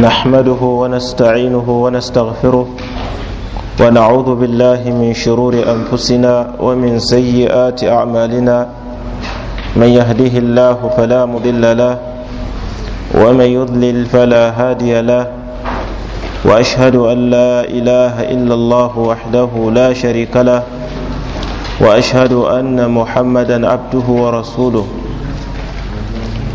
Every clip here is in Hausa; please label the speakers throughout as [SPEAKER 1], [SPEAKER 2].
[SPEAKER 1] نحمده ونستعينه ونستغفره ونعوذ بالله من شرور انفسنا ومن سيئات اعمالنا من يهده الله فلا مضل له ومن يضلل فلا هادي له واشهد ان لا اله الا الله وحده لا شريك له واشهد ان محمدا عبده ورسوله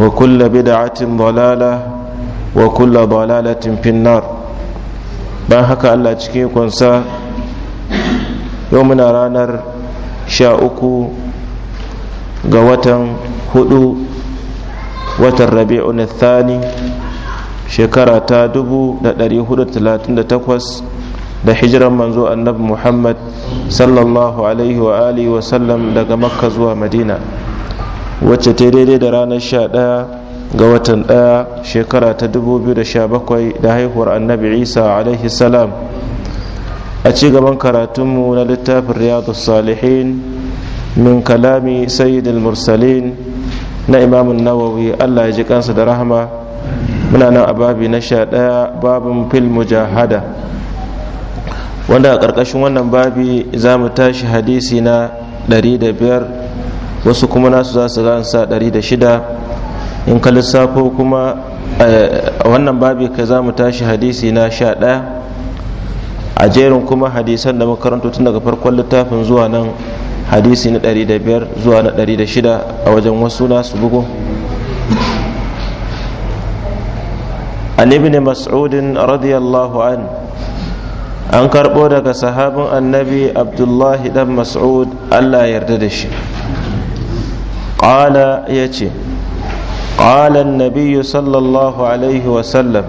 [SPEAKER 1] وكل بدعة ضلالة وكل ضلالة في النار haka allah الله تشكي كونسا يومنا رانر sha غواتن هدو watan rabi'un thani shekara ta 1438 da hijiran manzo annabi muhammad sallallahu alaihi wa alihi wa sallam daga makka zuwa madina wacce ta daidai da ranar 11 ga watan ɗaya shekara ta biyu da da haihuwar annabi isa alaihi salam a ci gaban karatunmu na littafin riyadu salihin min kalami sayyidul mursalin na imamun nawawi allah ya ji kansa da rahama muna nan a babi na sha ɗaya babin fil mujahada wanda a ƙarƙashin wannan babi za mu tashi hadisi na da biyar. wasu kuma nasu za su gan sa shida in ka lissafo kuma eh, a wannan babi ka za mu tashi hadisi na sha 11 a jerin kuma hadisan da makarantu tun daga farkon littafin zuwa nan hadisi na biyar zuwa na shida a wajen wasu nasu bugu an ibn mas'udin radiyallahu an an karɓo daga sahabin annabi abdullahi dan mas'ud allah yarda da shi ƙala ya ce ƙalan nabiyu sallallahu alaihi wasallam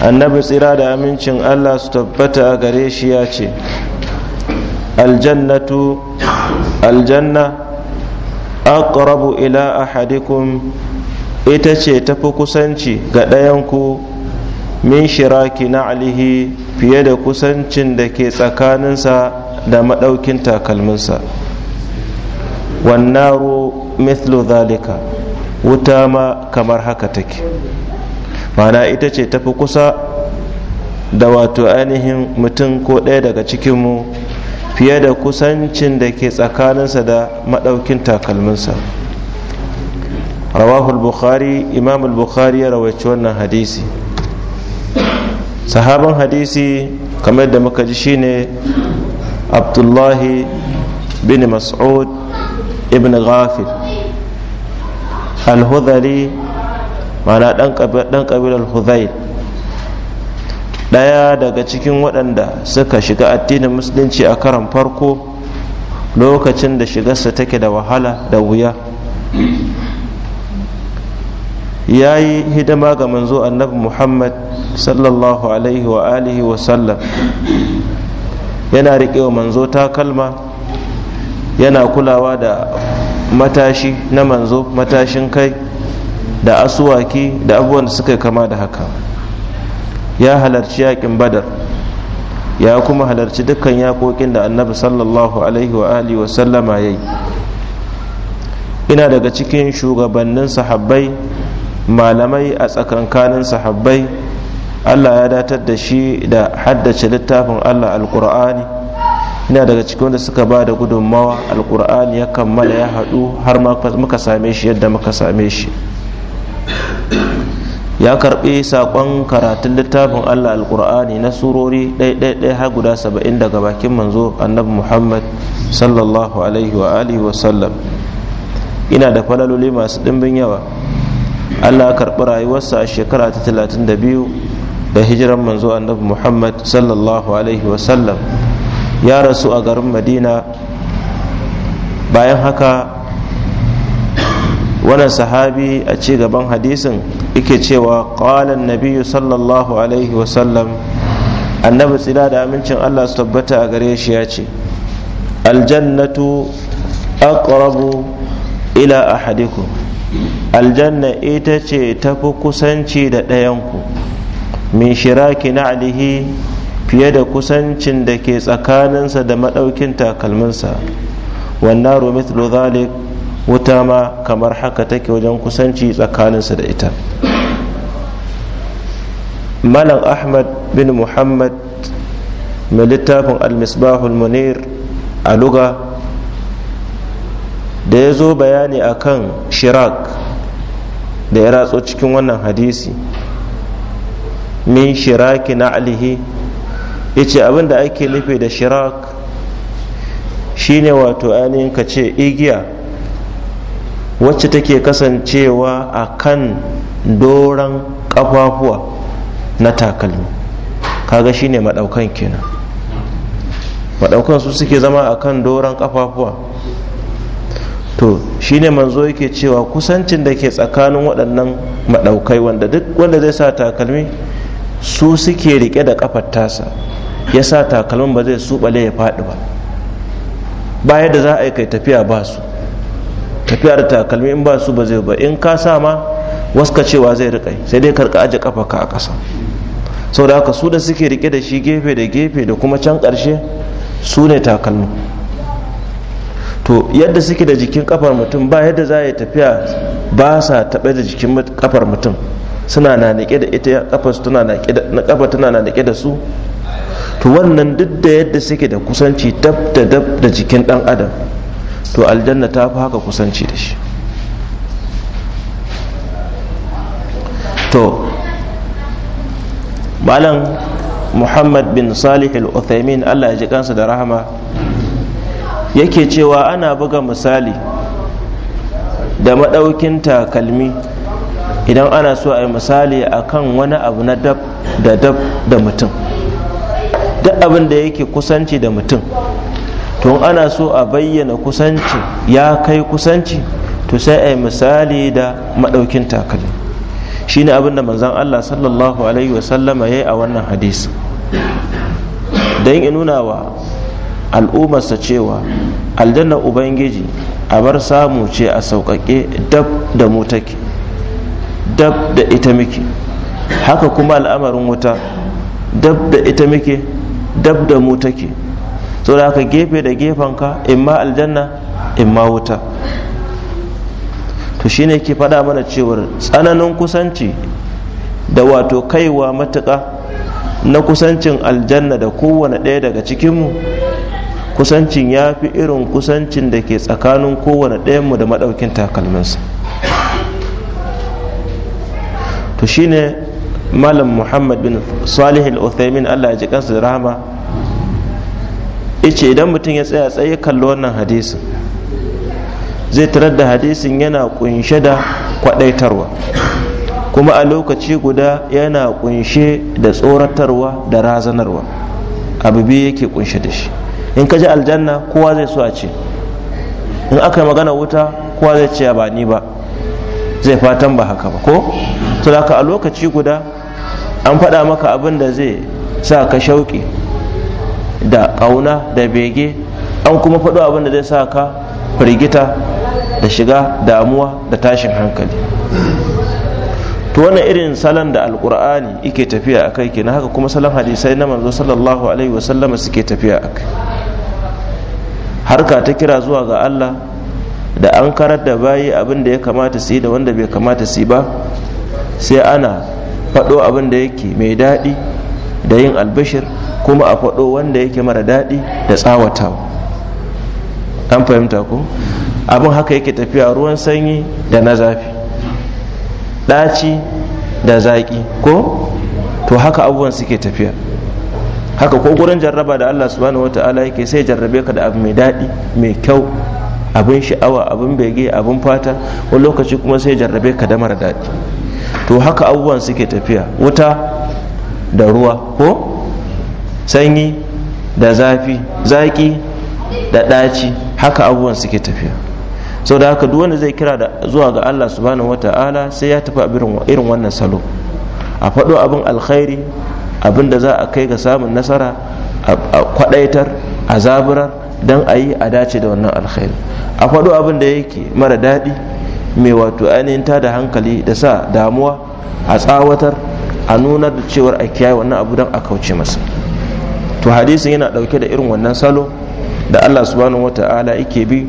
[SPEAKER 1] annabi tsira da amincin allah su tabbata a gare shi ya ce aljannatu aljanna aqrabu ila ahadikum ita ce tafi kusanci ga ɗayanku min shiraki na alihi fiye da kusancin da ke tsakaninsa da maɗaukin takalminsa wannaru mithlu zalika wuta ma kamar haka take mana ita ce tafi kusa da wato ainihin mutum ko ɗaya daga cikinmu fiye da kusancin da ke tsakaninsa da maɗaukin takalminsa rawahul bukhari imam bukhari ya rawaici wannan hadisi sahaban hadisi kamar da muka ji shine abdullahi bin mas'ud ibn ghafir al-hudhali mana dan kabilar hudhayl daya daga cikin waɗanda suka shiga addinin musulunci a karan farko lokacin da shigarsa take da wahala da wuya ya yi hidima ga manzo annabi muhammad sallallahu alaihi wa alihi wa sallam yana riƙe wa manzo takalma yana kulawa da matashi na manzo matashin kai da asuwaki da abubuwan da suka kama da haka ya halarci yakin badar ya kuma halarci dukkan yakokin da annabi sallallahu alaihi wa alihi wa sallama yayi ina daga cikin shugabannin sahabbai malamai a tsakankanin sahabbai allah ya datar da shi da haddace littafin allah alkur'ani ina daga cikin wanda suka ba da gudunmawa alkur'ani ya kammala ya haɗu har muka same shi yadda muka same shi ya karɓi saƙon karatun littafin allah alkur'ani na surori ɗaiɗaiɗai har guda saba'in daga bakin manzo annabi muhammad sallallahu alaihi wa alihi wa sallam ina da falaloli masu ɗimbin yawa allah karɓi rayuwarsa a shekara ta talatin da biyu da hijiran manzo annabi muhammad sallallahu alaihi wa sallam ya rasu a garin madina bayan haka wannan sahabi a ci gaban hadisin yake cewa qala nabiyu sallallahu alaihi wasallam annabi tsira da amincin allah su tabbata a gare shi ya ce aljannatu aqrabu ila Ahadiku. aljanna ita ce tafi kusanci da ɗayanku min shiraki na'lihi fiye da kusancin da ke tsakaninsa da maɗaukin takalminsa wannan romit lozalik wuta ma kamar haka take wajen kusanci tsakaninsa da ita malam ahmad bin muhammad mai littafin al munir a luga da ya zo bayani a kan shirak da ya ratso cikin wannan hadisi min shiraki na alihi yace abin da ake nufi da shirak shine wato ainihin ka ce igiya wacce take kasancewa a kan doron ƙafafuwa na takalmi kaga shine maɗaukan kenan maɗaukan su suke zama a kan doron kafafuwa to shine manzo yake cewa kusancin da ke tsakanin waɗannan maɗaukai wanda duk wanda zai sa takalmi su suke rike da ƙafar tasa ya sa takalmin ba zai subale ya faɗi ba baya da za a yi kai tafiya ba su tafiyar takalmi in ba su ba zai ba in ka sa ma waska cewa zai rikai sai dai karka aje ka a ƙasa sau da haka su da suke rike da shi gefe da gefe da kuma can ƙarshe su ne takalmi to yadda suke da jikin kafar mutum ba yadda za a yi tafiya ba sa taɓa da jikin kafar mutum suna na da ita kafa tana na da su to wannan duk da yadda suke da kusanci dab da dab da jikin dan adam to aljanna ta fi haka kusanci da shi to malam muhammad bin salih al-uthaymin allah ya ji kansa da rahama yake cewa ana buga misali da madaukin takalmi idan ana so a yi misali akan wani abu na dab da dab da mutum duk abin da yake kusanci da mutum to ana so a bayyana kusanci ya kai kusanci to sai a misali da maɗaukin Shi shine abin da manzon Allah sallallahu alaihi wasallama ya yi a wannan hadisi don in nuna wa al'ummarsa cewa aljanna ubangiji a bar samu ce a sauƙaƙe dab da mu dab da ita muke haka kuma al'amarin wuta dab da ita muke dab da mu take so da haka gefe da gefenka imma aljanna imma wuta to shine ke faɗa mana cewar tsananin kusanci da wato kaiwa matuƙa na kusancin aljanna da kowane ɗaya daga cikinmu kusancin ya fi irin kusancin da ke tsakanin kowane ɗayanmu da maɗaukin takalminsa to shine malam muhammad bin salih al-uthaymin allah ya ji kansa rahama yace idan mutum ya tsaya tsaye kallo wannan hadisin zai tarar da hadisin yana kunshe da kwadaitarwa kuma a lokaci guda yana kunshe da tsoratarwa da razanarwa abu biyu yake kunshe da shi in ka ji aljanna kowa zai so a ce in aka yi magana wuta kowa zai ce ba ni ba zai fatan ba haka ba ko saboda a lokaci guda an faɗa maka abin da zai sa ka shauƙi da ƙauna da bege an kuma faɗo abin da zai sa ka firgita da shiga damuwa da tashin hankali to wannan irin salon da alkur'ani yake tafiya a kai kenan haka kuma salon hadisai na manzo sallallahu alaihi wasallama suke tafiya a kai harka ta kira zuwa ga allah da an karar da bayi abin da ya kamata su yi da wanda bai kamata su yi ba sai ana faɗo abin da yake mai daɗi da yin albashir kuma a faɗo wanda yake mara daɗi da tsawatawa an fahimta ko abin haka yake tafiya ruwan sanyi da na zafi ɗaci da zaƙi ko to haka abubuwan suke tafiya haka ko gurin jarraba da allah subhanahu ta'ala yake sai jarrabe ka da abu mai daɗi mai kyau abin sha'awa abin bege abin fata wani lokaci kuma sai jarrabe ka da mara daɗi to haka abubuwan suke tafiya wuta da ruwa ko sanyi da zafi zaki da ɗaci haka abubuwan suke tafiya sau da haka duk zai kira da zuwa ga allah subhanahu wata'ala sai ya tafi irin wannan salo a faɗo abin alkhairi abin da za a kai ga samun nasara a kwaɗaitar a zaburar don a yi a dace da wannan alkhairi a faɗo abin da yake mara daɗi mai wato ainihin ta da hankali da sa damuwa a tsawatar a nuna da cewar a kiyaye wannan abu don a kauce masa to hadisin yana dauke da irin wannan salo da Allah subhanahu ta'ala yake bi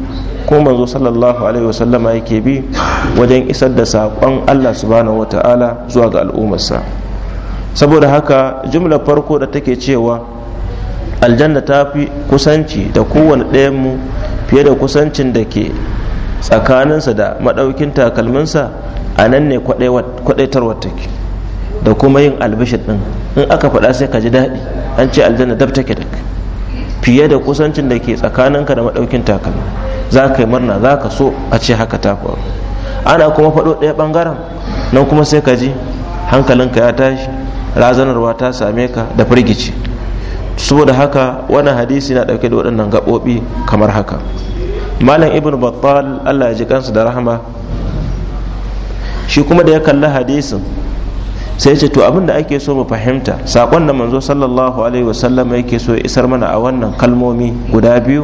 [SPEAKER 1] ko manzo sallallahu alaihi wasallama yake bi wajen isar da saƙon Allah subhanahu ta'ala zuwa ga al'ummarsa saboda haka jumlar farko da take cewa aljanna ta fi kusanci da kowane ɗayan mu fiye da kusancin da ke tsakaninsa da maɗaukin takalminsa a nan ne kwaɗaitarwar take da kuma yin albishir ɗin in aka faɗa sai ka ji daɗi an ce aljanna dab take da fiye da kusancin da ke tsakaninka da maɗaukin takalmi za ka yi murna za ka so a ce haka ta faru ana kuma faɗo ɗaya ɓangaren nan kuma sai ka ji hankalinka ya tashi razanarwa ta same ka da firgici saboda haka wannan hadisi na ɗauke da waɗannan gaɓoɓi kamar haka malam ibn battal allah ya ji kansu da rahama shi kuma da ya kalli hadisin sai ce to abin da ake so mu fahimta saƙon da manzo sallallahu alaihi wasallam yake so ya isar mana a wannan kalmomi guda biyu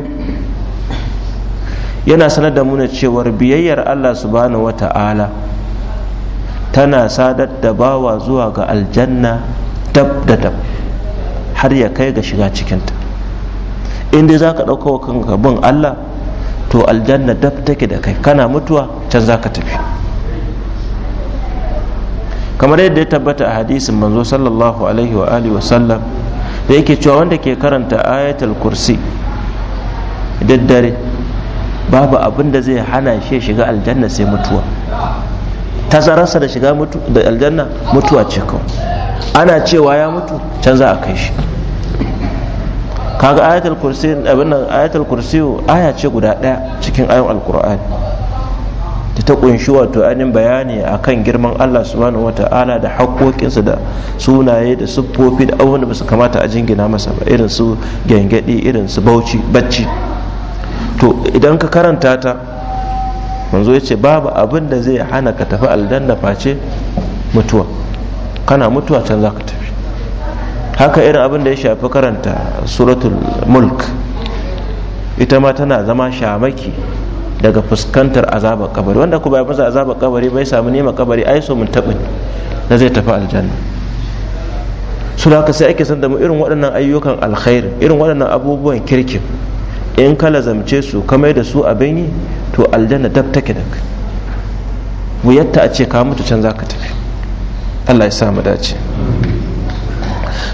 [SPEAKER 1] yana sanar da muna cewar biyayyar allah subhanahu wata'ala tana sadar da bawa zuwa ga aljanna dab da dab har ya kai ga shiga cikinta in dai za ka ɗauka wa kanka bin allah to aljanna dab take da kai kana mutuwa can za ka tafi kamar yadda ya tabbata a hadisin manzo sallallahu alaihi wa alihi wasallam da yake cewa wanda ke karanta ayatul kursi daddare babu abin da zai hana shi shiga aljanna sai mutuwa tazararsa da shiga da aljanna mutuwa ce kawai ana cewa ya mutu can za a kai shi kaga ayatul kursi abin nan ayatul kursi aya ce guda daya cikin ayon alkur'ani ta ta kunshi wato ainihin bayani akan girman Allah subhanahu wata'ala da haƙoƙinsa da sunaye da siffofi da abubuwan da ba su kamata a jingina masa ba irin su gyangyaɗi irin su bauchi bacci to idan ka karanta ta manzo ya ce babu abin da zai hana ka tafi aljanna face mutuwa kana mutuwa can za ka tafi haka irin abin da ya shafi karanta suratul mulk ita ma tana zama shamaki daga fuskantar azabar kabari wanda ku bai masa azabar kabari bai samu nema kabari ai so mun taɓin na zai tafi aljanna su da haka sai ake san da mu irin waɗannan ayyukan alkhairi irin waɗannan abubuwan kirki in kala lazamce su ka mai da su abin yi to aljanna dab take da wuyatta a ce ka mutu can za ka tafi allah ya sa mu dace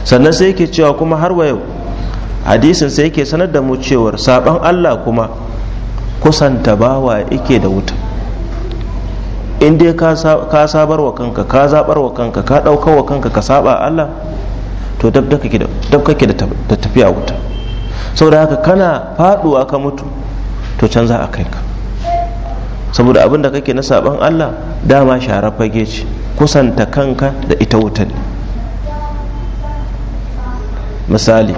[SPEAKER 1] sannan sai yake cewa kuma har wa yau hadisin sai yake sanar da mu cewar saban Allah kuma kusanta bawa yake da wuta in dai ka sabar wa kanka ka zabar wa kanka ka daukar wa kanka ka saba Allah to dab kake da tafiya wuta saboda haka kana faduwa ka mutu to can za a kai ka saboda abin da kake na saban Allah dama share fage ce kusanta kanka da ita wuta ne misali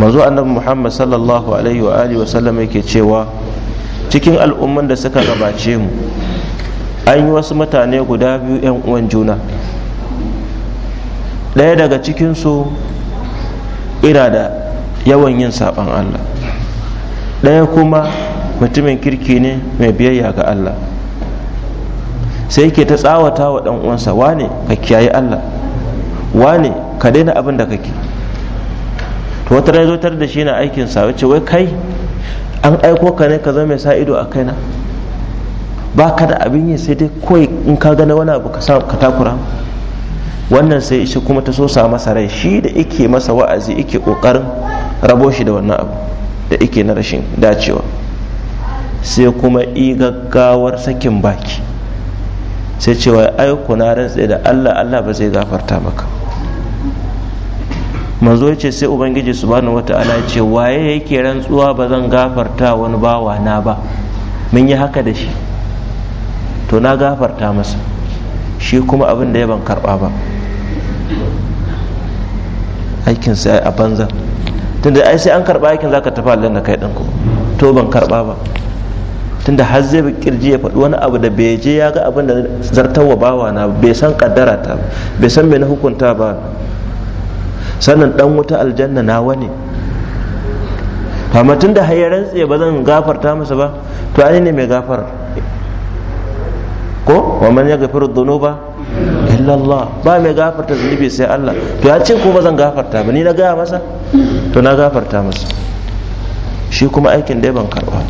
[SPEAKER 1] manzo annabi muhammad sallallahu alaihi wa alihi wasallam yake cewa cikin al'umman da suka gabace mu an yi wasu mutane guda biyu 'yan uwan juna ɗaya daga cikinsu ina da yawan yin saɓon allah ɗaya kuma mutumin kirki ne mai biyayya ga allah sai ke ta tsawata wa ɗan uwansa wane ka kiyaye allah wane ka daina abin da kake to wata rai zotar da shi na aikin sa wace wai kai an aiko ka ne ka zama mai sa ido a kaina ba ka da abin yi sai dai kawai in ka gane wani abu ka takura wannan sai ishi kuma ta sosa masa rai shi da ike masa wa'azi ike kokarin rabo shi da wannan abu da ike na rashin dacewa sai kuma i gaggawar sakin baki sai cewa ai na rantse da Allah Allah ba zai gafarta maka manzo ce sai ubangiji subhanahu wataala ya ce waye yake rantsuwa ba zan gafarta wani bawa na ba mun yi haka da shi to na gafarta masa shi kuma abin da ya ban karba ba aikinsa a banza tunda ai sai an karba aikin zaka tafi da kai din to ban karba ba tunda har zai bi kirji ya faɗi wani abu da bai je ya ga abin da zartarwa bawa na bai san kaddara ta bai san me na hukunta ba Sannan dan wuta aljanna nawa ne amma tun da hayar rantse ba zan gafarta masa ba to ai ne mai gafar? ko wa man ya gafiru dhunuba illa Allah ba mai gafarta zunubi sai Allah to ya ce ko ba zan gafarta ba ni na gaya masa to na gafarta masa shi kuma aikin dai ban karba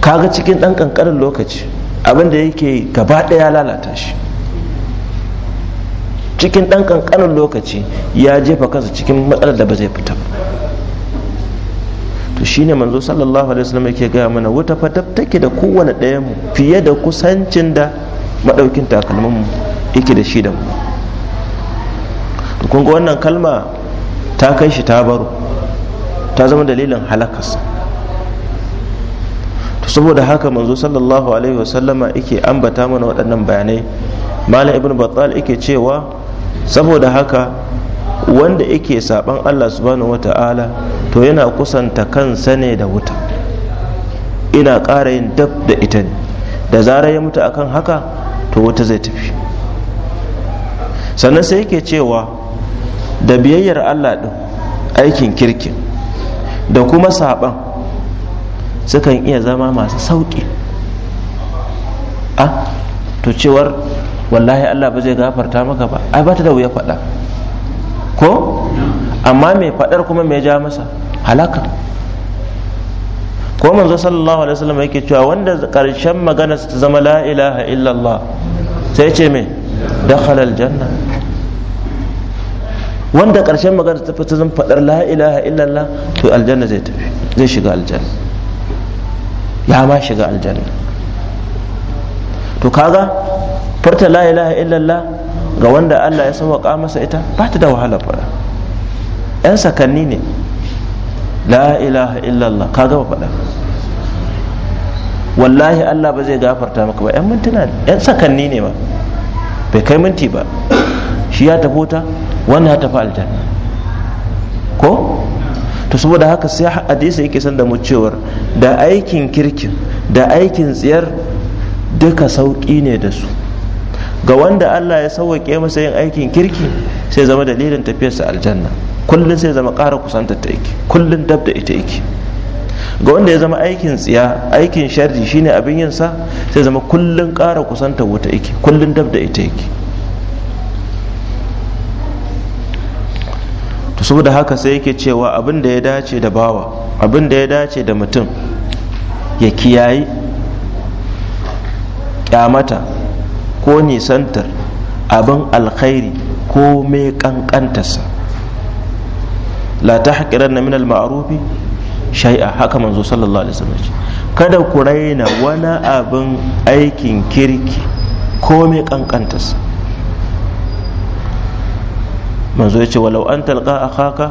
[SPEAKER 1] kaga cikin dan kankanin lokaci abin da yake gaba daya lalata shi cikin ɗan ƙanƙanin lokaci ya jefa kansa cikin matsalar da ba zai fita ba to shine manzo sallallahu alaihi wasallam yake gaya mana wata fatab take da kowane ɗayan mu fiye da kusancin da maɗaukin takalmin mu yake da shi da mu to kun ga wannan kalma ta kai shi ta baro ta zama dalilin halakas to saboda haka manzo sallallahu alaihi wasallama yake ambata mana waɗannan bayanai malam Ibnu battal yake cewa saboda haka wanda yake saban Allah subhanahu wata'ala to yana kusanta kansa ne da wuta ina ƙara yin dab da ita ne da zara ya mutu akan haka to wuta zai tafi sannan sai yake cewa da biyayyar Allah ɗin aikin kirkin da kuma saban sukan iya zama masu sauƙi a ah, to cewar wallahi Allah ba zai gafarta maka ba ai ba ta da wuya faɗa ko amma mai faɗar kuma mai ja masa halaka ko manzo sallallahu alaihi wasallam yake cewa wanda karshen magana ta zama la ilaha illallah sai ce me dakhala aljanna wanda karshen magana ta fita zan fadar la ilaha illallah to aljanna zai tafi zai shiga aljanna ya ma shiga aljanna to kaga farta la ilaha illallah ga wanda Allah ya sauƙa masa ita ba ta da wahala faɗa yan sakanni ne la ilaha illallah ka gama faɗa wallahi Allah ba zai gafarta maka ba yan mintuna yan sakanni ne ba bai kai minti ba shi ya tafi wuta wannan ya tafi aljanna ko to saboda haka sai hadisi yake son da mu cewar da aikin kirkin da aikin tsiyar duka sauƙi ne da su ga wanda Allah ya sauwaƙe masa yin aikin kirki sai zama dalilin tafiyarsa aljanna kullum sai zama ƙara kusantar ta yake kullum dab da ita yake ga wanda ya zama aikin tsiya aikin sharri shine abin yin sa sai zama kullum ƙara kusantar wuta yake kullum dab da ita yake to saboda haka sai yake cewa abin da ya dace da bawa abin da ya dace da mutum ya kiyayi kyamata ko nisantar abin alkhairi ko mai kankantarsa la ta haƙirar na minal ma'arufi shai'a haka manzo sallallahu alaihi wasallam kada ku raina wani abin aikin kirki ko mai kankantarsa manzo ya ce walau an talqa akhaka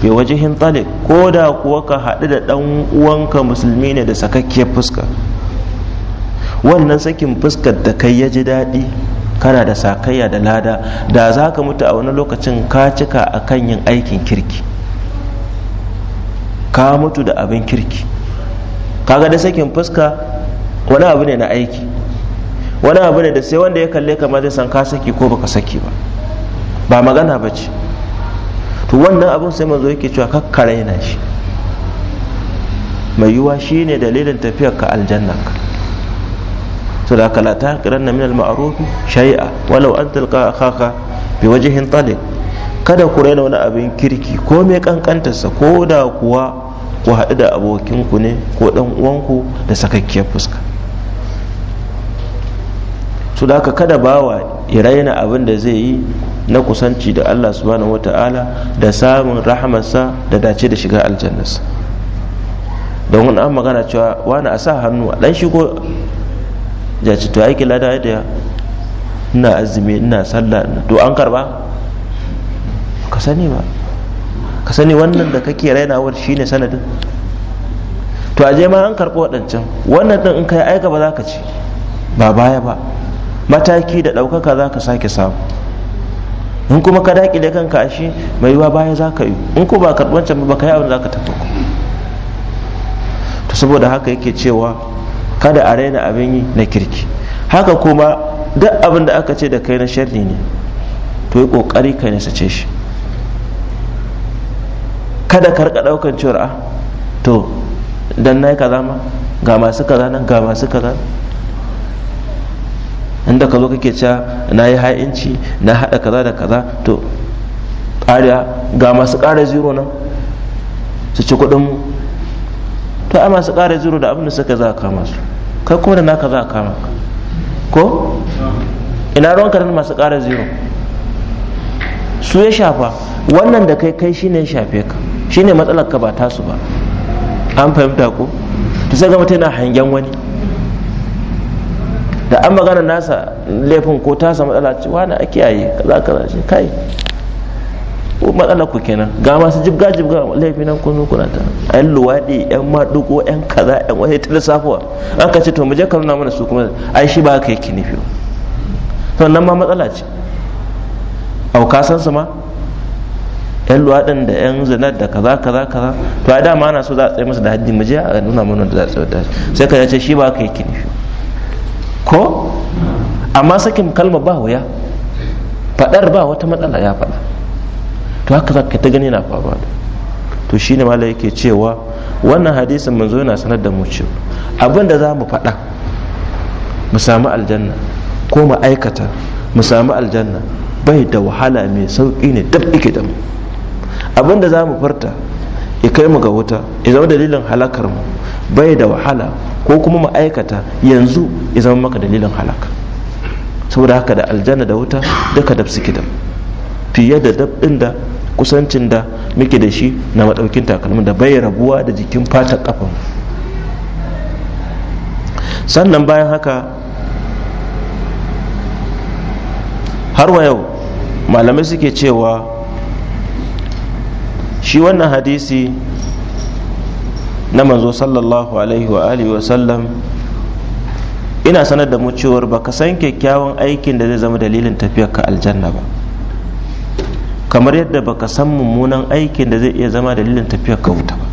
[SPEAKER 1] bi wajihin talik ko da kuwa ka haɗu da ɗan uwanka musulmi ne da sakakkiyar fuska wannan sakin fuskar da kai ya ji daɗi kana da sakayya da lada da za ka mutu a wani lokacin ka cika a kan yin aikin kirki ka mutu da abin kirki kaga da sakin fuska wani abu ne na aiki wani abu ne da sai wanda ya kalle kamar zai san ka saki ko baka saki ba ba magana ba ce to wannan abin sai manzo yake cewa kakkare na shi mai yiwuwa ne dalilin tafiyar ka aljanna ka so da haka la tahqiranna min al-ma'ruf shay'a walau an talqa akhaka bi wajhin talib kada ku raina wani abin kirki ko mai kankantarsa ko da kuwa ku haɗu da abokinku ne ko ɗan uwanku da sakakkiyar fuska su kada bawa ya raina abin da zai yi na kusanci da allah subhanahu wata'ala da samun rahamarsa da dace da shiga aljannarsa don wani an magana cewa wani a sa hannu a ɗan shigo ya ce to aiki lada ya daya ina azumi ina sallah to an karba ka sani ba ka sani wannan da kake rainawar shine sanadin to aje ma an karbo waɗancan wannan ɗin in kai aika ba za ka ci ba baya ba mataki da ɗaukaka za ka sake samu in kuma ka daƙi da kanka shi mai yiwa baya za ka yi in ko ba karbancan ba ka yi abin za ka tafi to saboda haka yake cewa kada a raina abin yi na kirki haka kuma duk abin da aka ce da kai na sharri ne to yi kokari ka ce shi kada ka rika daukan cewar a ah, to dan nayi kaza ma ga masu kaza nan ga masu kaza inda ka zo kake cewa na yi ha'inci na haɗa kaza da kaza to ƙariya ga masu ƙara zero nan su ci kuɗin to ai masu ƙara zuru da abin da suka za kama su kai kuma da naka za kama ka ko ina ruwan karin masu ƙara zuru su ya shafa wannan da kai kai shine ya shafe ka shine matsalar ka ba ta su ba an fahimta ko to sai ga mutum yana hangen wani da an magana nasa laifin ko tasa matsala ce wani a kiyaye kaza kaza ce kai ko matsala ku kenan ga masu jibga jibga laifi nan kun kuna ta yan luwaɗi yan madugo yan kaza yan wani ta lissafuwa an ka ce to mu je ka nuna mana su kuma ai shi ba yi kini fiye to nan ma matsala ce au ka san su ma yan luwaɗin da yan zinar da kaza kaza kaza to a dama ana so za a tsaye musu da haddi mu je a nuna mana da za a tsaye da sai ka ce shi ba yi kini fiye ko amma sakin kalma ba wuya faɗar ba wata matsala ya faɗa to haka za ka ta gani na faruwa to shine malai yake cewa wannan hadisin manzo yana sanar da mu cewa abin da za mu faɗa mu samu aljanna ko mu aikata mu sami aljanna bai da wahala mai sauƙi ne dab ike da mu za mu farta ya kai mu ga wuta ya zama dalilin halakar mu bai da wahala ko kuma mu aikata yanzu ya zama maka dalilin halaka saboda haka da aljanna da wuta duka dab suke da fiye da dab ɗin da kusancin da muke da shi na maɗaukin takalmin da bai rabuwa da jikin fatar kafin sannan bayan haka har wa yau malamai suke cewa shi wannan hadisi na manzo sallallahu alaihi wa alihi wa sallam ina sanar da mu cewar baka san kyakkyawan aikin da zai zama dalilin tafiyar ka aljanna ba kamar yadda baka san mummunan aikin da zai iya zama dalilin tafiyar ka wuta ba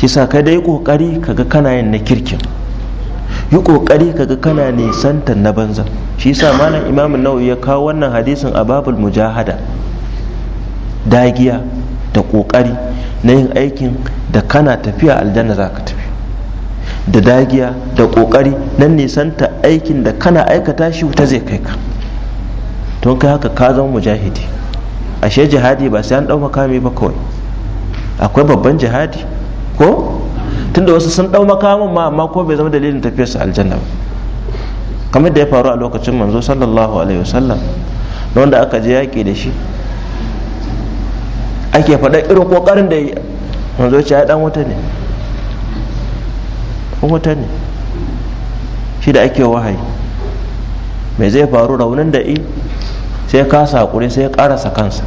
[SPEAKER 1] shi sa kai dai kokari kaga kana yin na kirkin yi kokari kaga kana nisantar na banza shi sa malam imamin nawawi ya kawo wannan hadisin a babul mujahada dagiya da kokari na yin aikin da kana tafiya aljanna za ka tafi da dagiya da kokari na nisanta aikin da kana aikata shi wuta zai kai ka to kai haka ka zama mujahidi ashe jihadi ba sai an dau makami ba kawai akwai babban jihadi ko tunda wasu sun dau makamin ma amma ko bai zama dalilin su aljanna ba kamar da ya faru a lokacin manzo sallallahu alaihi wasallam da wanda aka je yaƙi da shi ake faɗa irin ƙoƙarin da yi manzo ya ce ya dan wuta ne wuta ne shi da ake wahayi mai zai faru raunin da i sai ka saƙure sai ya ƙarasa kansa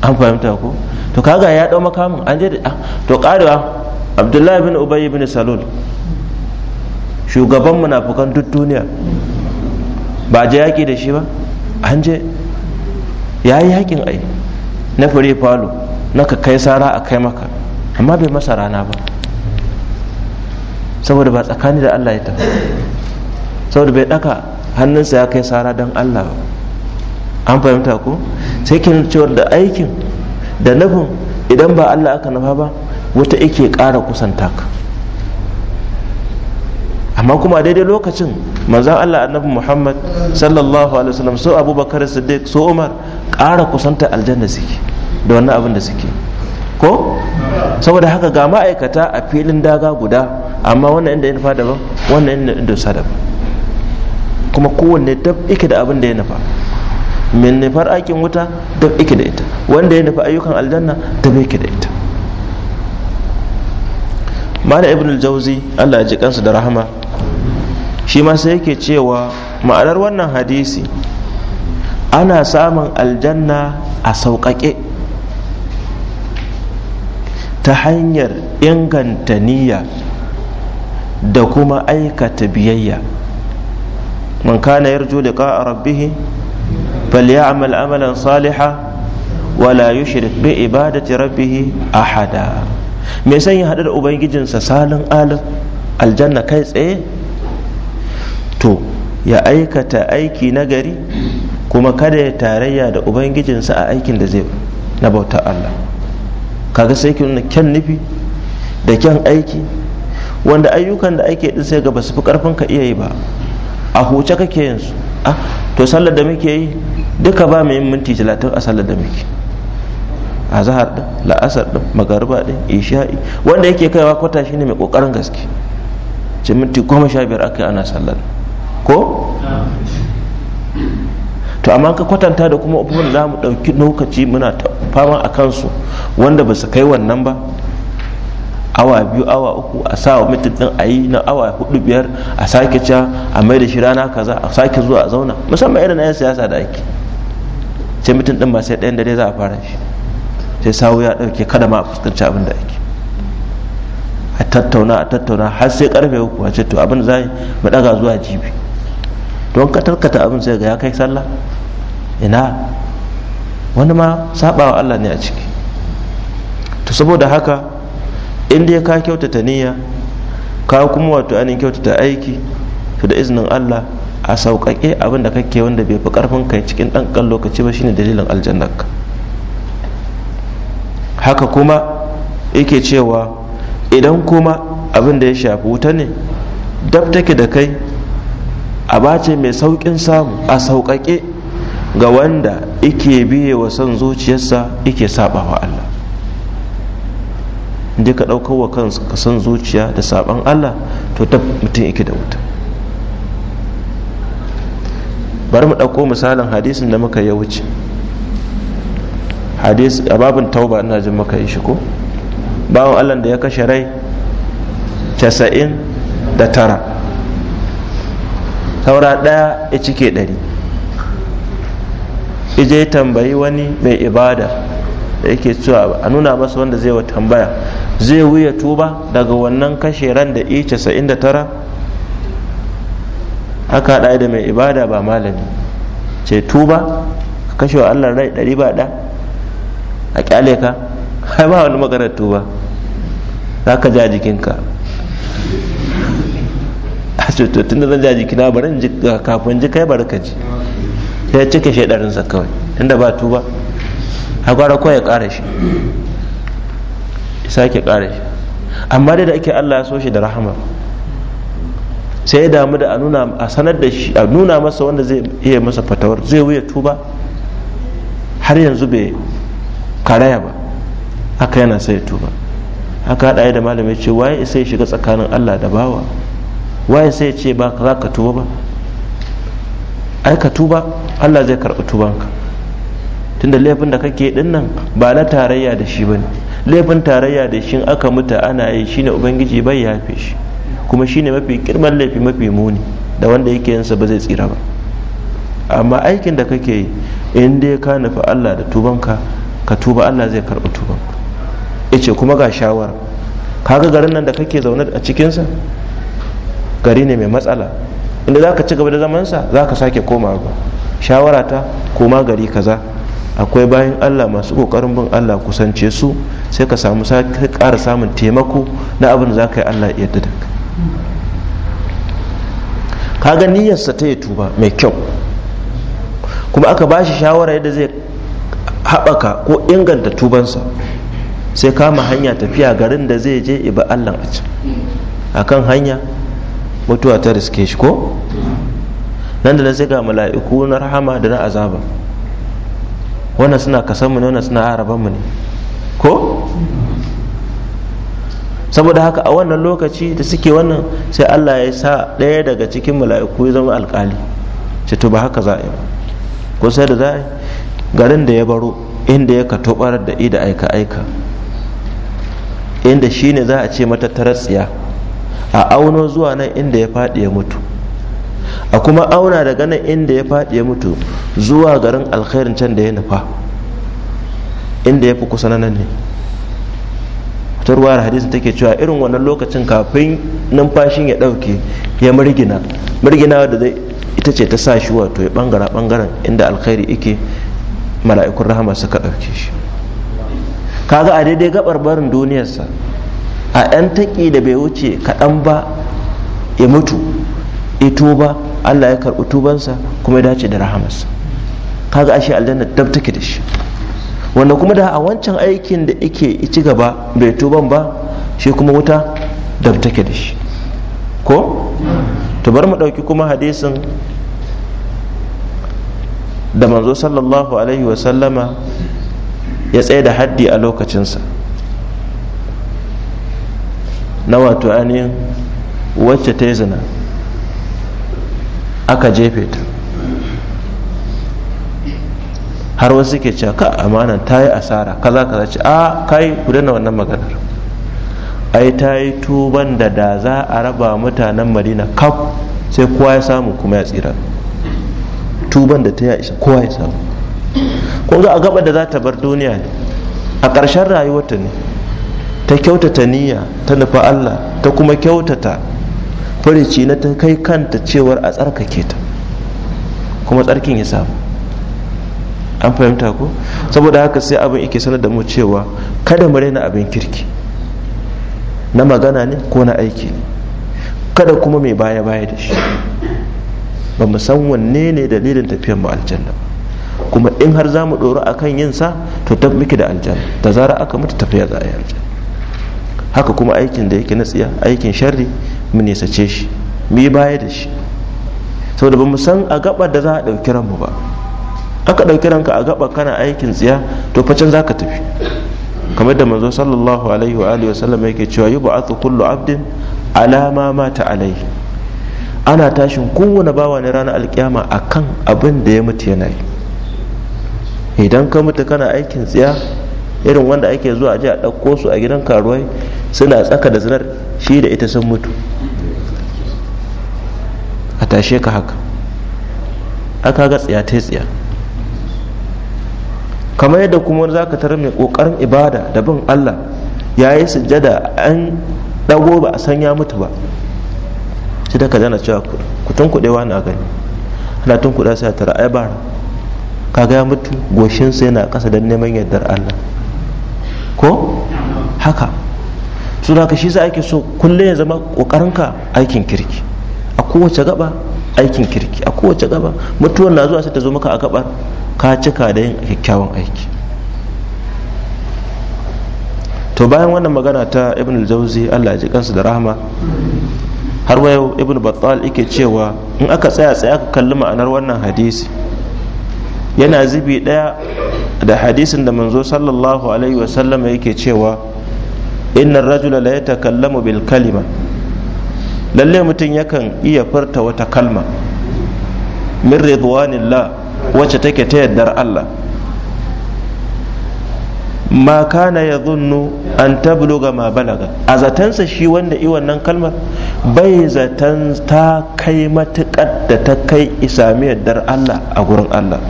[SPEAKER 1] an fahimta ko to kaga ya ɗau makamin an je da ah, to ƙarewa abdullahi bin ubayi bin salul shugaban munafukan duk duniya ba je yaki da shi ba an je ya yi yaƙin ai na fure falo na kai sara a kai maka amma bai masa rana ba saboda ba tsakani da allah ya tafi saboda bai ɗaka hannunsa ya kai sara don allah an fahimta ko sai kin cewar da aikin da nufin idan ba allah aka nufa ba wata ike kara kusanta ka amma kuma daidai lokacin manzan allah annabi muhammad sallallahu alaihi wasallam so abubakar siddiq so umar Kara kusanta aljanna suke da wannan abin da suke ko saboda haka ga ma'aikata a filin daga guda amma wannan inda ya nufa daban wannan inda dosa daban kuma kowanne dab ike da abin da ya nufa min nufar aikin wuta dab ike da ita wanda ya nufa ayyukan aljanna dab ike da ita mala ibn al-jauzi Allah ya ji kansa da rahama shi ma sai yake cewa ma'anar wannan hadisi ana samun aljanna a sauƙaƙe ta hanyar inganta niyya da kuma aikata biyayya man kana yarju bal ya falyamal amalan saliha wala yushrik bi ibadati rabbih ahada me san ya hada da ubangijinsa salin alif aljanna kai tsaye to ya aikata aiki nagari kuma kada ya tarayya da ubangijinsa a aikin da zai na bautar Allah kaga sai ki kyan nufi da kyan aiki wanda ayyukan da ake din sai ga basu fi karfin ka iya yi ba a huce kake yin su ah, to sallar da muke yi duka ba mu yin minti talatin a sallar da muke a zahar da la'asar da magariba da isha'i wanda yake kaiwa kwata shine mai kokarin gaske ce minti goma sha biyar aka ana sallar ko to amma ka kwatanta da kuma abubuwan da mu ɗauki lokaci muna fama a kansu wanda ba su kai wannan ba awa biyu awa uku a sa wa din a yi na awa hudu biyar a sake ca a mai da shi rana kaza a sake zuwa a zauna musamman irin na yan siyasa da ake sai mitin din ba sai ɗayan dare za a fara shi sai sawu ya ɗauke kada ma a fuskanci abin da ake a tattauna a tattauna har sai karfe uku a ce to abin za mu ɗaga zuwa jibi don ka tarkata abin sai ga ya kai sallah ina wani ma sabawa Allah ne a ciki to saboda haka in dai ka kyautata niyya ka kuma wato anin kyautata aiki to da izinin Allah a sauƙaƙe abin da kake wanda bai fi ƙarfin kai cikin ɗan ƙan lokaci ba shine dalilin aljannarka haka kuma yake cewa idan kuma abin da ya shafi wuta ne dab take da kai a bace mai sauƙin samu a sauƙaƙe ga wanda ike biye wa son zuciyarsa ike saɓawa Allah da ka ɗaukar wa ka san zuciya da saɓan allah to ta mutum yake da wuta bari mu ɗauko misalin hadisin da muka ya wuce hadis a babin tauba ina jin muka yi shi ko bawan allah da ya kashe rai casa'in da tara saura ɗaya ya cike ɗari ije tambayi wani mai ibada da yake cewa a nuna masa wanda zai wa tambaya zai wuya tuba daga wannan kashe ran da i casa'in da tara haɗa da mai ibada ba malami ce tuba ka kashe wa allah rai ɗari ba ɗa a ƙyale ka hai ba wani maganar tuba za ka ja jikinka a to tun da zan ja jikina bari kafin ji kai bari ka ji ya cika shaidarinsa kawai inda ba tuba a gwara kawai ya ƙara shi sake ƙara shi amma dai da ake Allah ya so shi da rahama sai ya damu da a nuna a sanar da shi a nuna masa wanda zai iya masa fatawar zai wuya tuba har yanzu bai karaya ba haka yana sai tuba haka haɗa da malamai ce waye sai shiga tsakanin Allah da bawa waye sai ya ce ba za ka tuba ba ai ka tuba Allah zai karɓi tubanka tunda laifin da kake din nan ba na tarayya da shi bane laifin tarayya da shin aka muta ana yi shine ubangiji bai yafe shi kuma shine mafi kirman laifi mafi muni da wanda yake yinsa ba zai tsira ba amma aikin da kake yi in dai ka nufi Allah da tubanka ka tuba Allah zai karɓi tubanka yace kuma ga shawara kaga garin nan da kake zaune a cikinsa gari ne mai matsala inda za ka ci gaba da zamansa za ka sake koma ba shawara ta koma gari kaza akwai bayan allah masu kokarin bin allah kusance su sai ka samu sai kara samun taimako na abin za ka yi allah ya da ka ga niyyarsa ta yi tuba mai kyau kuma aka ba shi shawara yadda zai haɓaka ko inganta tubansa sai kama hanya tafiya garin da zai je iba allah a can a hanya mutuwa ta riske shi ko nan da na sai ga mala'iku na rahama da na azaba wannan suna kasanmu ne wannan suna arabanmu ne ko saboda haka a wannan lokaci da suke wannan sai allah ya sa ɗaya daga cikin mala'iku ya zama alkali to ba haka za a yi ba ko sai da za a yi garin da ya baro inda ya kato barar da ida aika aika inda shine za a ce mata tsiya, a auno zuwa nan inda ya faɗi ya mutu a kuma auna da ganin inda ya faɗi ya mutu zuwa garin alkhairin can da ya nufa inda ya fi kusa na nan ne ta ruwayar hadisi take cewa irin wannan lokacin kafin numfashin ya ɗauke ya murgina murgina da zai ita ce ta sa shi wato ya bangara bangaren inda alkhairi ike mala'ikun rahama suka ɗauke shi kaga a daidai gabar barin duniyarsa a 'yan taƙi da bai wuce kaɗan ba ya mutu ituba tuba Allah ya karɓi tubansa kuma ya dace da rahamarsa kaga ashe aljanna dab take da shi wanda kuma da a wancan aikin da yake ci gaba bai tuban ba shi kuma wuta dab take da shi ko to bar mu ɗauki kuma hadisin da manzo sallallahu alaihi wa sallama ya tsaye da haddi a lokacinsa na wato ainihin wacce ta yi zina aka jefe ta har wasu ke cewa ka amana ta yi asara kaza kaza ce a kai ku daina wannan maganar ai ta yi tuban da da za a raba mutanen madina kaf sai kowa ya samu kuma ya tsira tuban da ta yi isa kowa ya samu kuma za a gaba da za ta bar duniya ne a ƙarshen rayuwarta ne ta kyautata niyya ta nufa allah ta kuma kyautata furici na ta kai kanta cewar a tsarkake ta kuma tsarkin ya samu an fahimta ko saboda haka sai abin ike sanar da mu cewa kada mu raina abin kirki na magana ne ko na aiki ne kada kuma mai baya baya da shi ba mu san wanne ne dalilin tafiyar mu aljanna kuma in har za mu ɗoru a kan yinsa to tab miki da aljanna da zara aka mutu tafiya za a yi aljanna haka kuma aikin da yake na tsiya aikin sharri mu nisace shi mu yi baya da shi saboda ba mu san a gaba da za a ɗauki ranmu ba aka ɗauki ranka a gaba kana aikin tsiya to facen za ka tafi kamar da manzo sallallahu alaihi wa alihi wasallam yake cewa yi ba'athu kullu abdin alama mata alai. ana tashin kowane bawa ne ranar alkiyama akan abin da ya mutu yanayi. idan ka mutu kana aikin tsiya irin wanda ake zuwa aje a ɗauko su a gidan karuwai suna tsaka da zinar shi da ita sun mutu a tashe ka haka aka ga tsiya ta tsiya kamar yadda kuma za ka tarar mai kokarin ibada da bin allah ya yi sujjada an dago ba a san ya mutu ba shi da ka zana cewa kutun kudewa na gani ana tun kuɗa sai tara ai bara ka ga mutu goshinsa yana ƙasa don neman yardar allah ko haka su da ka shi za ake so kullum ya zama ƙoƙarinka aikin kirki kowace gaba aikin kirki a kowace gaba mutuwar na zuwa sai ta zo maka a gabar ka cika da yin kyakkyawan aiki to bayan wannan magana ta ibn al-jauzi Allah ya ji kansa da rahama har wa yau ibn battal yake cewa in aka tsaya tsaya ka kalli ma'anar wannan hadisi yana zubi daya da hadisin da manzo sallallahu alaihi wasallam yake cewa inna rajula la yatakallamu bil kalima lalle mutum yakan iya furta wata kalma min ridwanillah wacce take ta yardar Allah ma kana ya zunnu an tabluga ma balaga a zatansa shi wanda i wannan kalmar bai zatan ta kai matuƙar da ta kai isami yardar Allah a gurin Allah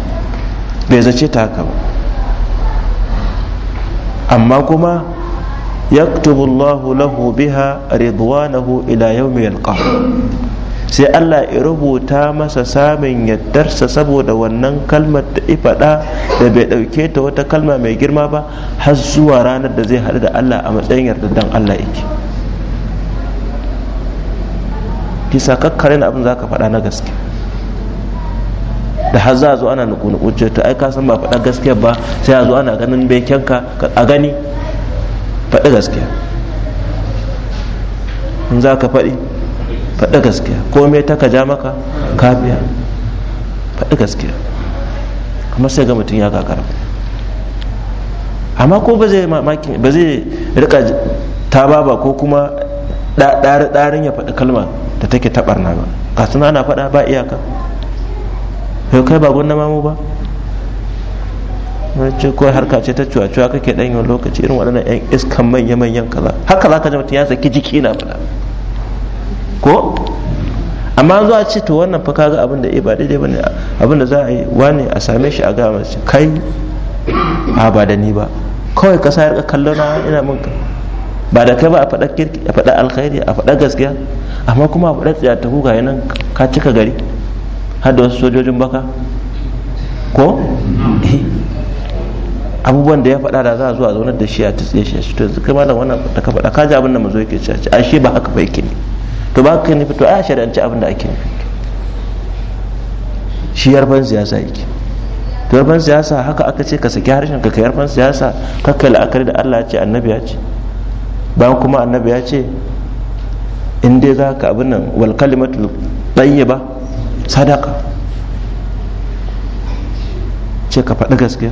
[SPEAKER 1] bai zace ta haka ba amma kuma يكتب الله lahu biha رضوانه ila يوم yalqa sai Allah ya rubuta masa samun yaddarsa saboda wannan kalmar da ifada da bai ɗauke ta wata kalma mai girma ba har zuwa ranar da zai haɗu da Allah a matsayin yardadan Allah yake kisa kakkarin abin za ka faɗa na gaske da har za a zo ana nuku-nuku ce ai ka san ba faɗa gaskiya ba sai a zo ana ganin bai kyanka a gani faɗi gaskiya in za ka faɗi faɗi gaskiya komai ta ka ja maka kafiya faɗi gaskiya amma sai ga mutum ya kakara amma ko ba zai mamakin ba zai rika ta baba ko kuma ɗarin ya faɗi kalma da take na ba kasu na ana faɗa ba iyaka yau kai ba gwamna mamu ba wacce ko harka ce ta cuwa-cuwa kake dan yawan lokaci irin waɗannan yan iskan manya-manyan kaza haka za ka ji mutum ya saki jiki na faɗa ko amma a ce to wannan fa kaga abin da eh ba daidai bane abin da za a yi wani a same shi a gama shi kai a ba da ni ba kawai ka sa yarka kallon na ina ka, ba da kai ba a faɗa kirki a faɗa alkhairi a faɗa gaskiya amma kuma a faɗa tsaya ta huga nan ka cika gari har da wasu sojojin baka ko mm-hmm. abubuwan da ya faɗa da za a zuwa zaunar da shi a tsaye shi to yanzu kai malam wannan da ka faɗa ka ji abin da mazo yake cewa a shi ba haka ba yake ne to ba haka ne to a ci abin da ake ne shi yarban siyasa yake to yarban siyasa haka aka ce ka saki harshen ka yarban siyasa ka kai la'akari da Allah ya ce annabi ya ce bayan kuma annabi ya ce in dai za ka abin nan wal kalimatul tayyiba sadaka ce ka faɗi gaskiya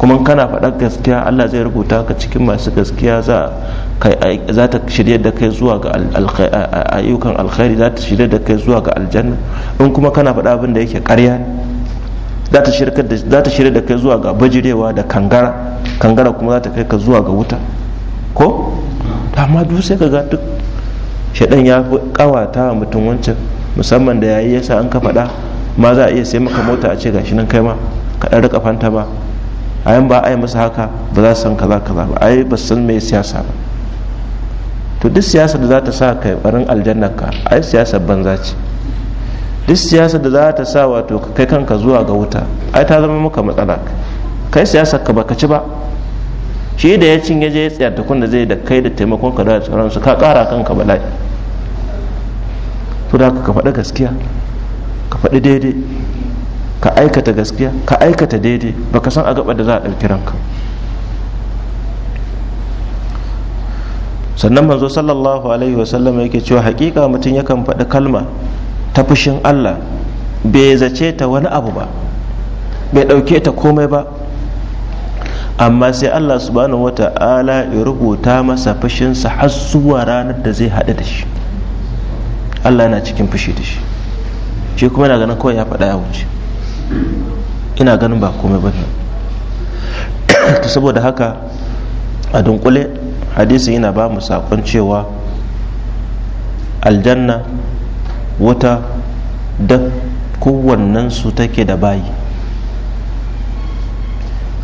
[SPEAKER 1] kuma kana faɗar gaskiya Allah zai rubuta ka cikin masu gaskiya za ta shirya da kai zuwa ga ayyukan alkhairi za ta shirya da kai zuwa ga aljanna in kuma kana faɗa abin da yake ƙarya za ta shirya da kai zuwa ga bajirewa da kangara kangara kuma za ta kai ka zuwa ga wuta ko amma duk sai ka ga duk shaɗan ya kawata wa mutum wancan musamman da yayi yasa an ka faɗa ma za a iya sai maka mota a ce gashi nan kai ma ka ɗan rika fanta ba ayan ba yi masa haka ba za su san kaza kaza ba ai ba san mai siyasa ba to duk siyasa da za ta sa kai barin aljanna ka ai siyasa banza ce duk siyasa da za ta sa wato kai kanka zuwa ga wuta ai ta zama maka matsala kai siyasa ka baka ci ba shi da ya cin yaje ya tsaya tukun da zai da kai da taimakon ka da tsaron su ka kara kanka bala'i to da ka faɗi gaskiya ka faɗi daidai ka aikata gaskiya ka aikata daidai baka san a gaba da za a ɗauki ranka sannan manzo sallallahu alaihi wasallam yake cewa hakika mutum yakan faɗi kalma ta fushin Allah bai zace ta wani abu ba bai ɗauke ta komai ba amma sai Allah subhanahu wa ta'ala ya rubuta masa fushinsa har zuwa ranar da zai haɗu da shi Allah yana cikin fushi da shi shi kuma na ganin kawai ya faɗa ya wuce ina ganin ba komai ba to saboda haka a dunkule hadisi yana ba mu sakon cewa aljanna wuta da kowannen su take da bayi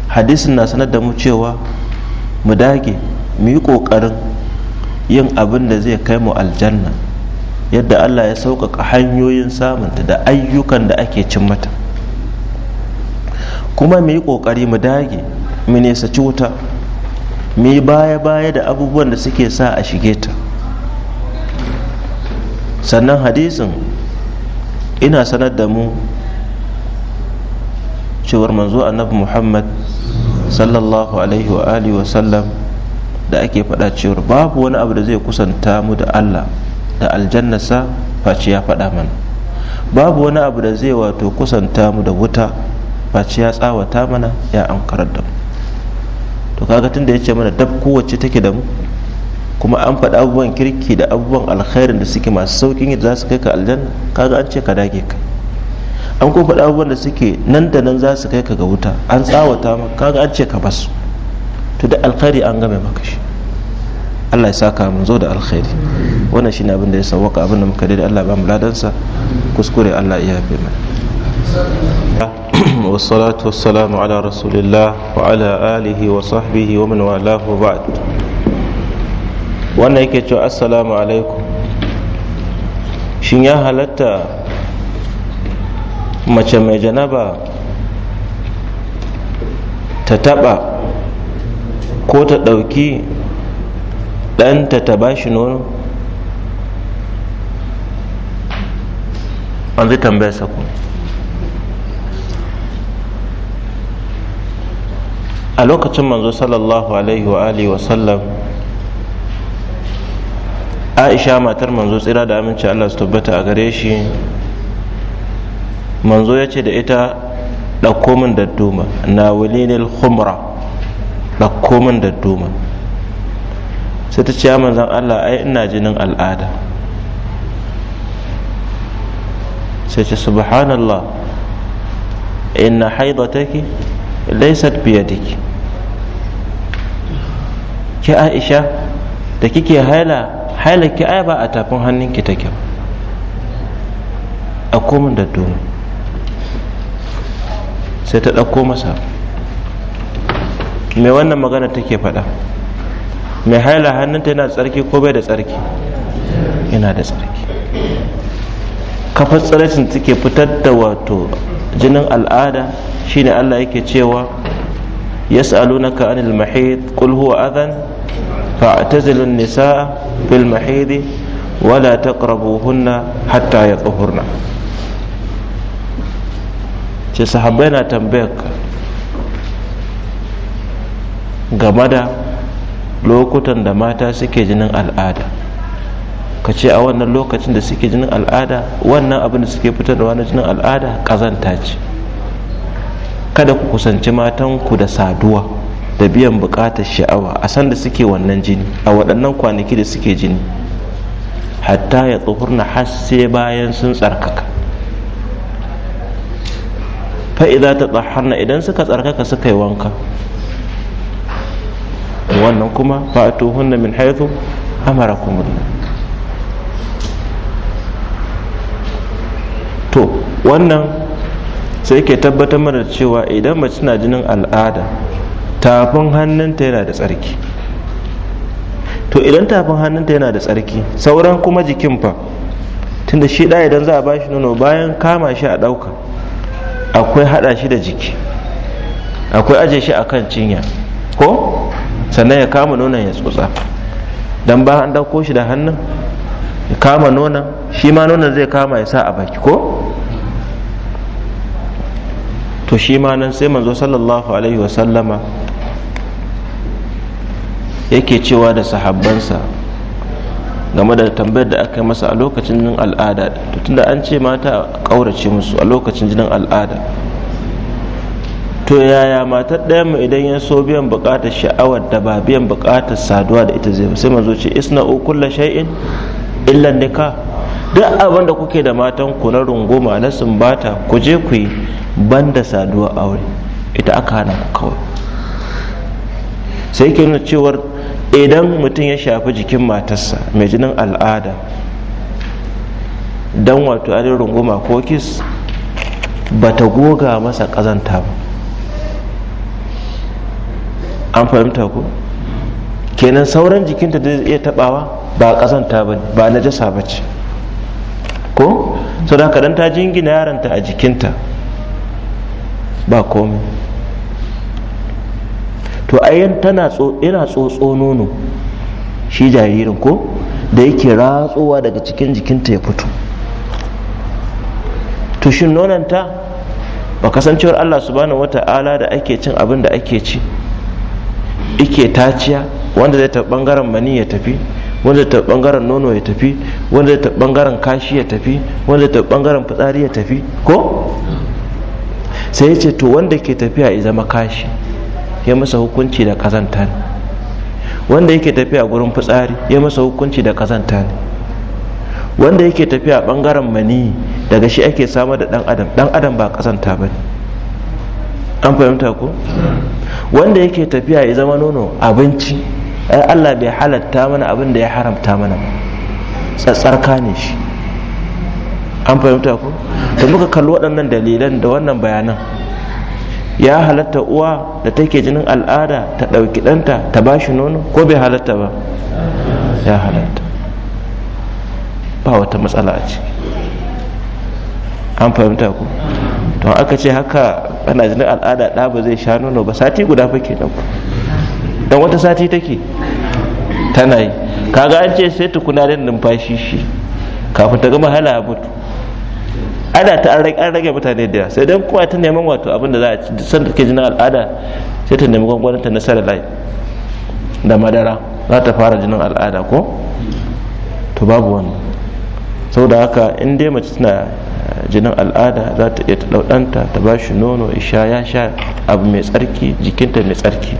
[SPEAKER 1] hadisin na sanar da mu cewa mu dage mu yi ƙoƙarin yin abin da zai kai mu aljanna yadda allah ya sauƙaƙa hanyoyin samunta da ayyukan da ake cin mata kuma mu yi ƙoƙari mu dage mu nesa wuta mu yi baya-baya da abubuwan da suke sa a shige ta sannan hadisin ina sanar da mu cewar manzo annabi muhammad sallallahu alaihi wa alihi wa sallam da ake faɗa cewar babu wani abu da zai kusanta mu da allah da aljannasa face ya faɗa mana babu wani abu da zai wato kusanta mu da wuta face ya tsawata mana ya karar da mu to kaga tunda ya ce mana dab kowace take da mu kuma an faɗi abubuwan kirki da abubuwan alkhairin da suke masu saukin yadda za su kai ka aljanna kaga an ce ka dage ka an kuma faɗi abubuwan da suke nan da nan za su kai ka ga wuta an tsawata maka kaga an ce ka basu to da alkhairi an game maka shi Allah ya saka mun zo da alkhairi wannan shine abin da ya sawwaka abin da muka da Allah ba mu ladansa kuskure Allah ya yafe mana Wasu salatu ala والسلام wa رسول الله وعلى آله وصحبه ومن والاه ba'ad. wannan yake cewa assalamu alaikum shin ya halatta mace mai janaba ta taba ko ta ɗauki ɗanta ta ba shi nono an zai tambaya sako a lokacin manzo sallallahu alaihi wa alihi wa sallam aisha matar manzo tsira da aminci allah su tabbata a gare shi manzo ya ce da ita ɗauko min dadduma na walinil khumra ɗauko min dadduma sai ta ce manzan allah ai ina jinin al'ada sai ce subhanallah inna haidatake laisat biyadik ki aisha da kike haila haila ki ai ba a tafin hannunki take a komin da domin sai ta ɗauko masa mai wannan magana take faɗa mai haila hannunta yana tsarki ko bai da tsarki yana da tsarki Kafa tsarkin take fitar da wato jinin al'ada shine Allah yake cewa yas'alunaka anil mahid qul huwa adhan fa'tazilu an-nisaa fil mahid ta taqrabuhunna hatta yatahurna ce sahabbai na tambayar game da lokutan da mata suke jinin al'ada ka ce a wannan lokacin da suke jinin al'ada wannan abin da suke da na jinin al'ada kazanta ce kada ku kusanci matanku da saduwa da biyan bukatar sha'awa a sanda da suke wannan jini a waɗannan kwanaki da suke jini hatta ya tsohur na hasse bayan sun tsarkaka fa'iza ta tsaharna idan suka tsarkaka suka yi wanka wannan kuma fa'atuhunna min haithu amarakumullah to wannan sai ke tabbatar mana cewa idan mace tana jinin al'ada tafin hannunta yana da tsarki to idan tafin hannunta yana da tsarki sauran kuma jikin fa tunda shi ɗaya idan za a bashi nono bayan kama shi a ɗauka akwai haɗa shi da jiki akwai aje shi akan cinya ko sannan ya kama nonon ya tsotsa dan ba an ɗauko shi da hannun ya kama nonon shi ma nonon zai kama ya sa a baki ko to shi ma nan sai manzo sallallahu alaihi wasallama yake cewa da sahabbansa game da tambayar da aka masa a lokacin jinin al'ada tunda an ce mata a ƙaurace musu a lokacin jinin al'ada to yaya matar ɗayan mu idan ya so biyan buƙatar sha'awar da ba biyan buƙatar saduwa da ita zai sai manzo ce isna u kulla shay'in illa nikah duk abin da kuke da matan ku na runguma na sumbata ku je ku yi banda saduwa aure ita aka hana ku kawai sai ke nuna cewar idan mutum ya shafi jikin matarsa mai jinin al'ada don wato adin runguma ko kis ba ta goga masa kazanta ba an fahimta ku kenan sauran jikinta da zai iya tabawa ba kazanta ba ba jasa ba ce ko sau da dan ta jingina yaranta a jikinta ba komai to ayyan tana ina tsotso nono shi jaririn ko da yake ratsowa daga cikin jikinta ya fito to shin nonanta ba kasancewar allah su bani wata ala da ake cin abin da ake ci ike taciya wanda zai tafi bangaren mani ya tafi wanda ta bangaren nono ya tafi wanda ta bangaren kashi ya tafi wanda ta bangaren fitsari ya tafi ko sai ya ce to wanda ke tafiya ya zama kashi ya masa hukunci da kazanta ne wanda yake tafiya gurin fitsari ya masa hukunci da kazanta ne wanda yake tafiya bangaren mani daga shi ake samar da dan adam dan adam ba kazanta ba ne an fahimta ko hmm. wanda yake tafiya ya zama nono abinci ai Allah bai halatta mana abin da ya haramta mana tsatsarka ne shi an fahimta ku? da muka kalli waɗannan dalilan da wannan bayanan ya halatta uwa da take jinin al'ada ta ɗauki ɗanta ta ba shi nono ko bai halatta ba ya halatta ba wata matsala a ciki an fahimta ku? to aka ce haka ana jinin al'ada ɗa ba zai sha nono ba sati guda fake kenan dan wata sati take tana yi kaga an ce sai tukuna da numfashi shi kafin ta gama hala mutu ana ta an rage mutane da sai dan kowa ta neman wato abin da za a ci san da ke jinin al'ada sai ta nemi gwangwanin ta na saralai da madara za ta fara jinin al'ada ko to babu wannan saboda haka in dai mace tana eh, jinin al'ada za ta iya ta ɗauɗanta ta ba shi nono isha ya sha abu mai tsarki jikinta mai tsarki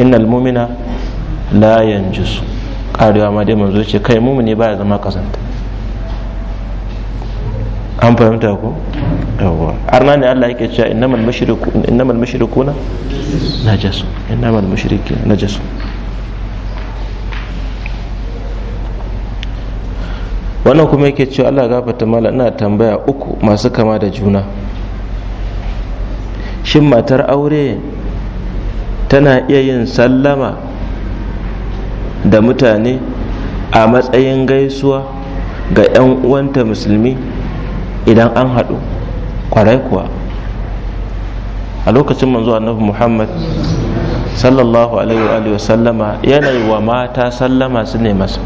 [SPEAKER 1] innal mumina la yanjisu karewa ma dai manzo ce kai ne baya zama kazanta an fahimta ko yawwa arna ne Allah yake cewa innamal mushriku innamal mushrikuna najasu innamal mushrikuna najasu wannan kuma yake cewa Allah gafarta mala ina tambaya uku masu kama da juna shin matar aure tana iya yin sallama da mutane a matsayin gaisuwa ga 'yan uwanta musulmi idan an haɗu kwarai kuwa a lokacin manzo annabi muhammad sallallahu alaihi wa sallama yanayi wa mata sallama su ne masa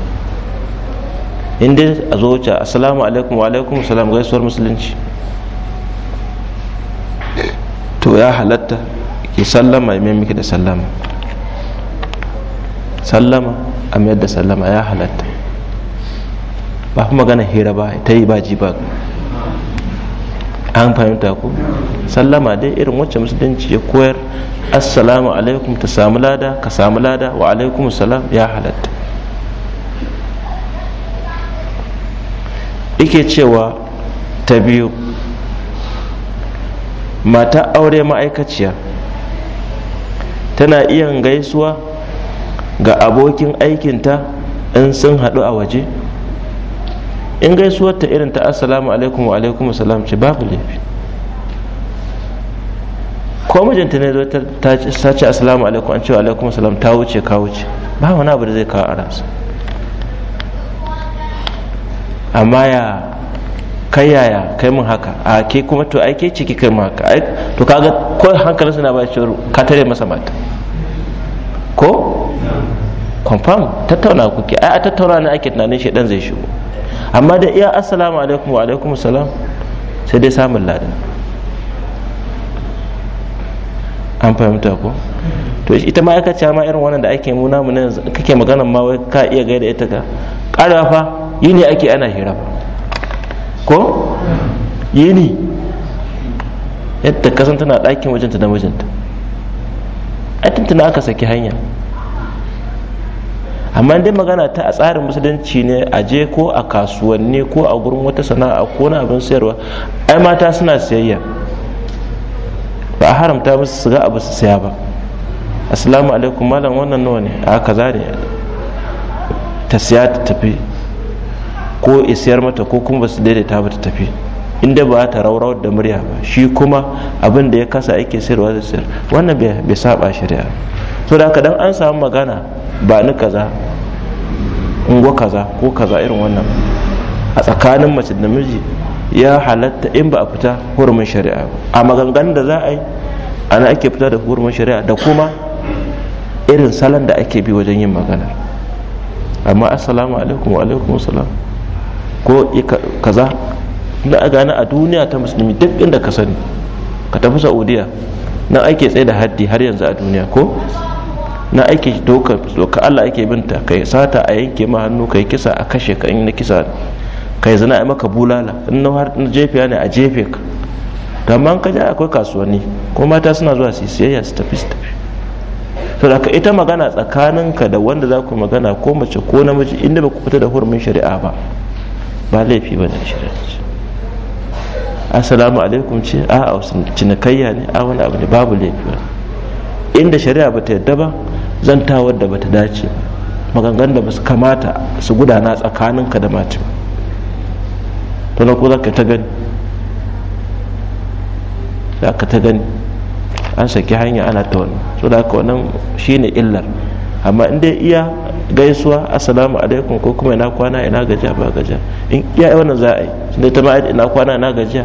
[SPEAKER 1] inda a zo wuce assalamu alaikum wa alaikum salam gaisuwar musulunci to ya halatta ki sallama ya miki da sallama sallama a mayar da sallama ya halatta ba kuma magana hira ba ta yi ba ji ba an fahimta ku sallama dai irin wacce musulunci ya koyar assalamu alaikum ta samu lada ka samu lada wa alaikum salam ya halatta ike cewa ta biyu mata aure ma'aikaciya tana iya gaisuwa ga abokin aikinta in sun haɗu a waje in gaisuwar ta irin ta assalamu alaikum wa alaikum salam ce babu laifi ko mijinta ne zai ta ce assalamu alaikum an ce wa alaikum salam ta wuce ka wuce ba wani abu da zai kawo a amma ya kai yaya kai mun haka a ke kuma to ai ke ciki kai mun haka to kaga ko hankalin suna ba shi ka tare masa mata ko confirm tattauna kuke ai a tattauna ne ake tunanin shi dan zai shigo amma da iya assalamu alaikum wa alaikum salam sai dai samun ladan an fahimta ko to ita ma aka ma irin wannan da ake muna mu kake magana ma wai ka iya gaida ita ka ƙara fa yini ake ana hira ko yini yadda kasan tana ɗakin wajenta da mijinta a tuntuna aka saki hanya amma dai magana ta a tsarin musulunci ne a je ko a kasuwanni ko a gurin wata sana'a ko na abin sayarwa ai mata suna siyayya ba a haramta musu su ga abu su saya ba assalamu alaikum malam wannan nawa ne a kaza ne ta siya ta tafi ko isiyar mata ko kuma ba su daidaita ba ta tafi inda ba ta raurau da murya ba shi kuma abin da ya kasa ake sayarwa da sayar wannan bai saba shari'a to da haka dan an samu magana ba ni kaza ungo kaza ko kaza irin wannan a tsakanin mace da miji ya halatta in ba a fita hurumin shari'a a maganganun da za a yi ana ake fita da hurumin shari'a da kuma irin salon da ake bi wajen yin magana, amma assalamu alaikum wa alaikum salam ko kaza na a gane a duniya ta musulmi duk inda ka sani ka tafi saudiya nan ake tsaye da haddi har yanzu a duniya ko na aiki doka doka Allah ake binta kai sata a yanke ma hannu kai kisa a kashe ka in na kisa kai zina a maka bulala in na har jefe ne a jefe ka to amma ka ja akwai kasuwanni ko mata suna zuwa su siyayya su tafi su tafi to da ita magana tsakaninka da wanda za ku magana ko mace ko namiji inda ba ku fita da hurumin shari'a ba ba laifi ba da shari'a assalamu alaikum ce a a wasu cinikayya ne a wani abu ne babu laifi ba inda shari'a bata yadda ba zantawar da bata dace maganganun da basu kamata su gudana tsakaninka da mace to na ko zaka ta gani zaka ta gani an saki hanya ana ta wannan so da haka wannan shine illar amma in dai iya gaisuwa assalamu alaikum ko kuma ina kwana ina gajiya ba gajiya in iya wannan za a yi tunda ta ma ina kwana ina gajiya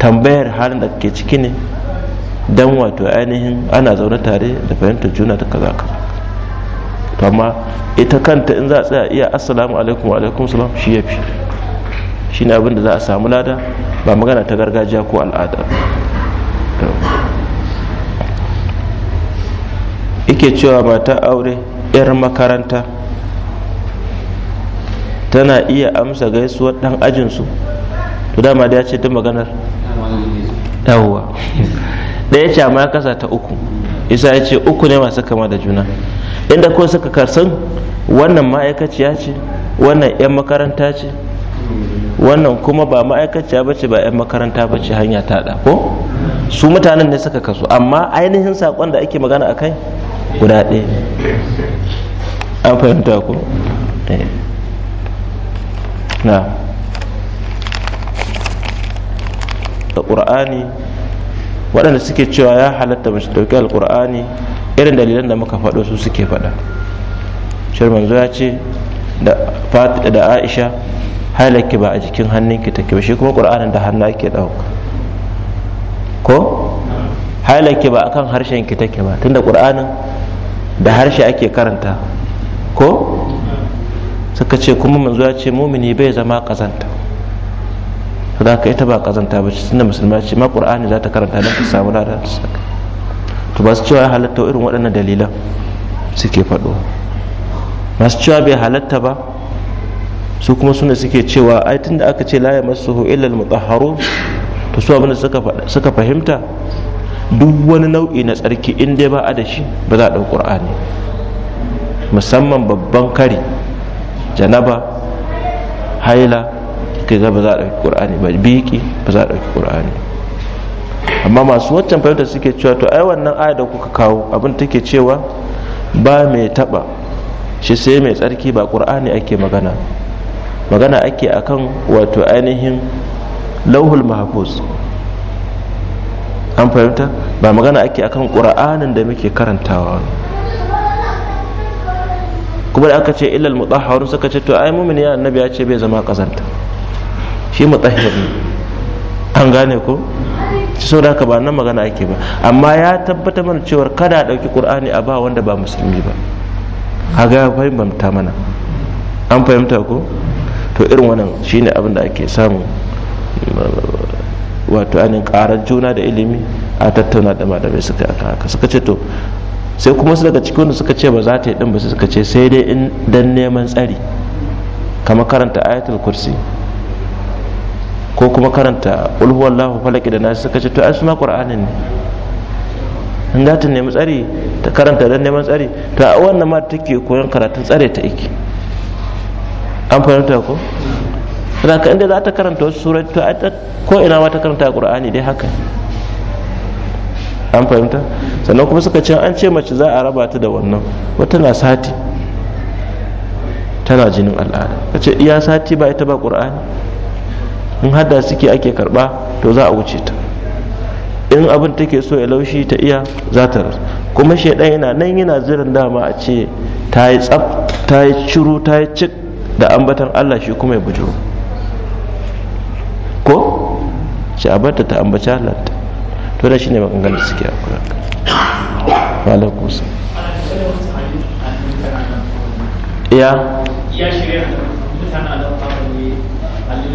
[SPEAKER 1] tambayar halin da ke ciki ne dan wato ainihin ana zaune tare da fahimtar juna da kaza kaza to amma ita kanta in za a tsaya iya assalamu alaikum wa alaikum salam shi yafi shine abin da za a samu lada ba magana ta gargajiya ko al'ada ike cewa mata aure 'yar makaranta tana iya amsa gaisuwar dan ajinsu to dama da ya ce ta maganar yawwa ɗaya ce amma ya kasa ta uku isa ya ce uku ne masu kama da juna inda ko suka karsan wannan ma'aikaciya ce wannan 'yan makaranta ce wannan kuma ba ma'aikaciya ba ce ba 'yan makaranta ba ce hanya ta da ko su mutanen ne suka kasu amma ainihin saƙon da ake magana a kai guda ɗaya an fahimta ko eh. na da ƙur'ani waɗanda suke cewa ya halatta mace ɗauki alƙur'ani irin dalilan da muka faɗo su suke faɗa shir manzo ya ce da aisha halakki ba a jikin hannunki take ba shi kuma ƙur'anin da hannu ake ɗauka ko halakki ba akan harshen ki take ba tunda ƙur'anin da harshe ake karanta ko suka ce kuma manzo ya ce mumini bai zama kazanta? to da ita ba kazanta ba ce tunda musulma ce ma qur'ani za ta karanta don ka samu da ta saka to ba su cewa ya halatta irin waɗannan dalilan suke faɗo Ba su cewa bai halatta ba su kuma suna suke cewa ai tunda aka ce la yamassuhu illa al-mutahharu to su abinda suka fahimta duk wani nau'i na tsarki in dai ba a da shi ba za a ɗau qur'ani musamman babban kari janaba haila kai za ba za a ɗauki ƙur'ani ba biki ba za a ɗauki ƙur'ani amma masu waccan fahimtar suke cewa to ai wannan aya da kuka kawo abin take cewa ba mai taɓa shi sai mai tsarki ba ƙur'ani ake magana magana ake akan wato ainihin lauhul mahfuz an fahimta ba magana ake akan ƙur'anin da muke karantawa kuma da aka ce illal mutahharun suka ce to ai mumin ya annabi ya ce bai zama kazanta shi mutahhir ne an gane ko sau da ba nan magana ake ba amma ya tabbata mana cewar kada a ɗauki ƙur'ani a ba wanda ba musulmi ba A ya fahimta mana an fahimta ko to irin wannan shine abin da ake samu eh, wato anin karar juna da ilimi a tattauna da malamai suka aka haka suka ce to sai kuma su daga cikin suka ce ba za ta yi ɗin ba suka ce sai dai in dan neman tsari kama karanta ayatul kursi ko kuma karanta wallahu falaki da nasu suka ce to ai suna qur'anin ne in za ta nemi tsari ta karanta don neman tsari to a wannan ma take koyon karatun tsare ta iki an fahimta ko ka inda za ta karanta wasu surai to a ko ina ma ta karanta qur'ani dai haka an fahimta sannan kuma suka ce an ce mace za a raba ta da wannan wata na sati tana jinin al'ada kace iya sati ba ita ba qur'ani in hada suke ake karba to za a wuce ta in abin take so ya laushi ta iya za ta rasu kuma shaidan yana nan yana zirin dama a ce ta yi tsaf ta yi ciro ta yi cik da ambatan allah shi kuma ya bujiro ko shi abarta ta ambaci allah to da shi ne magangan da suke akwai malar kusa iya shirya mutane a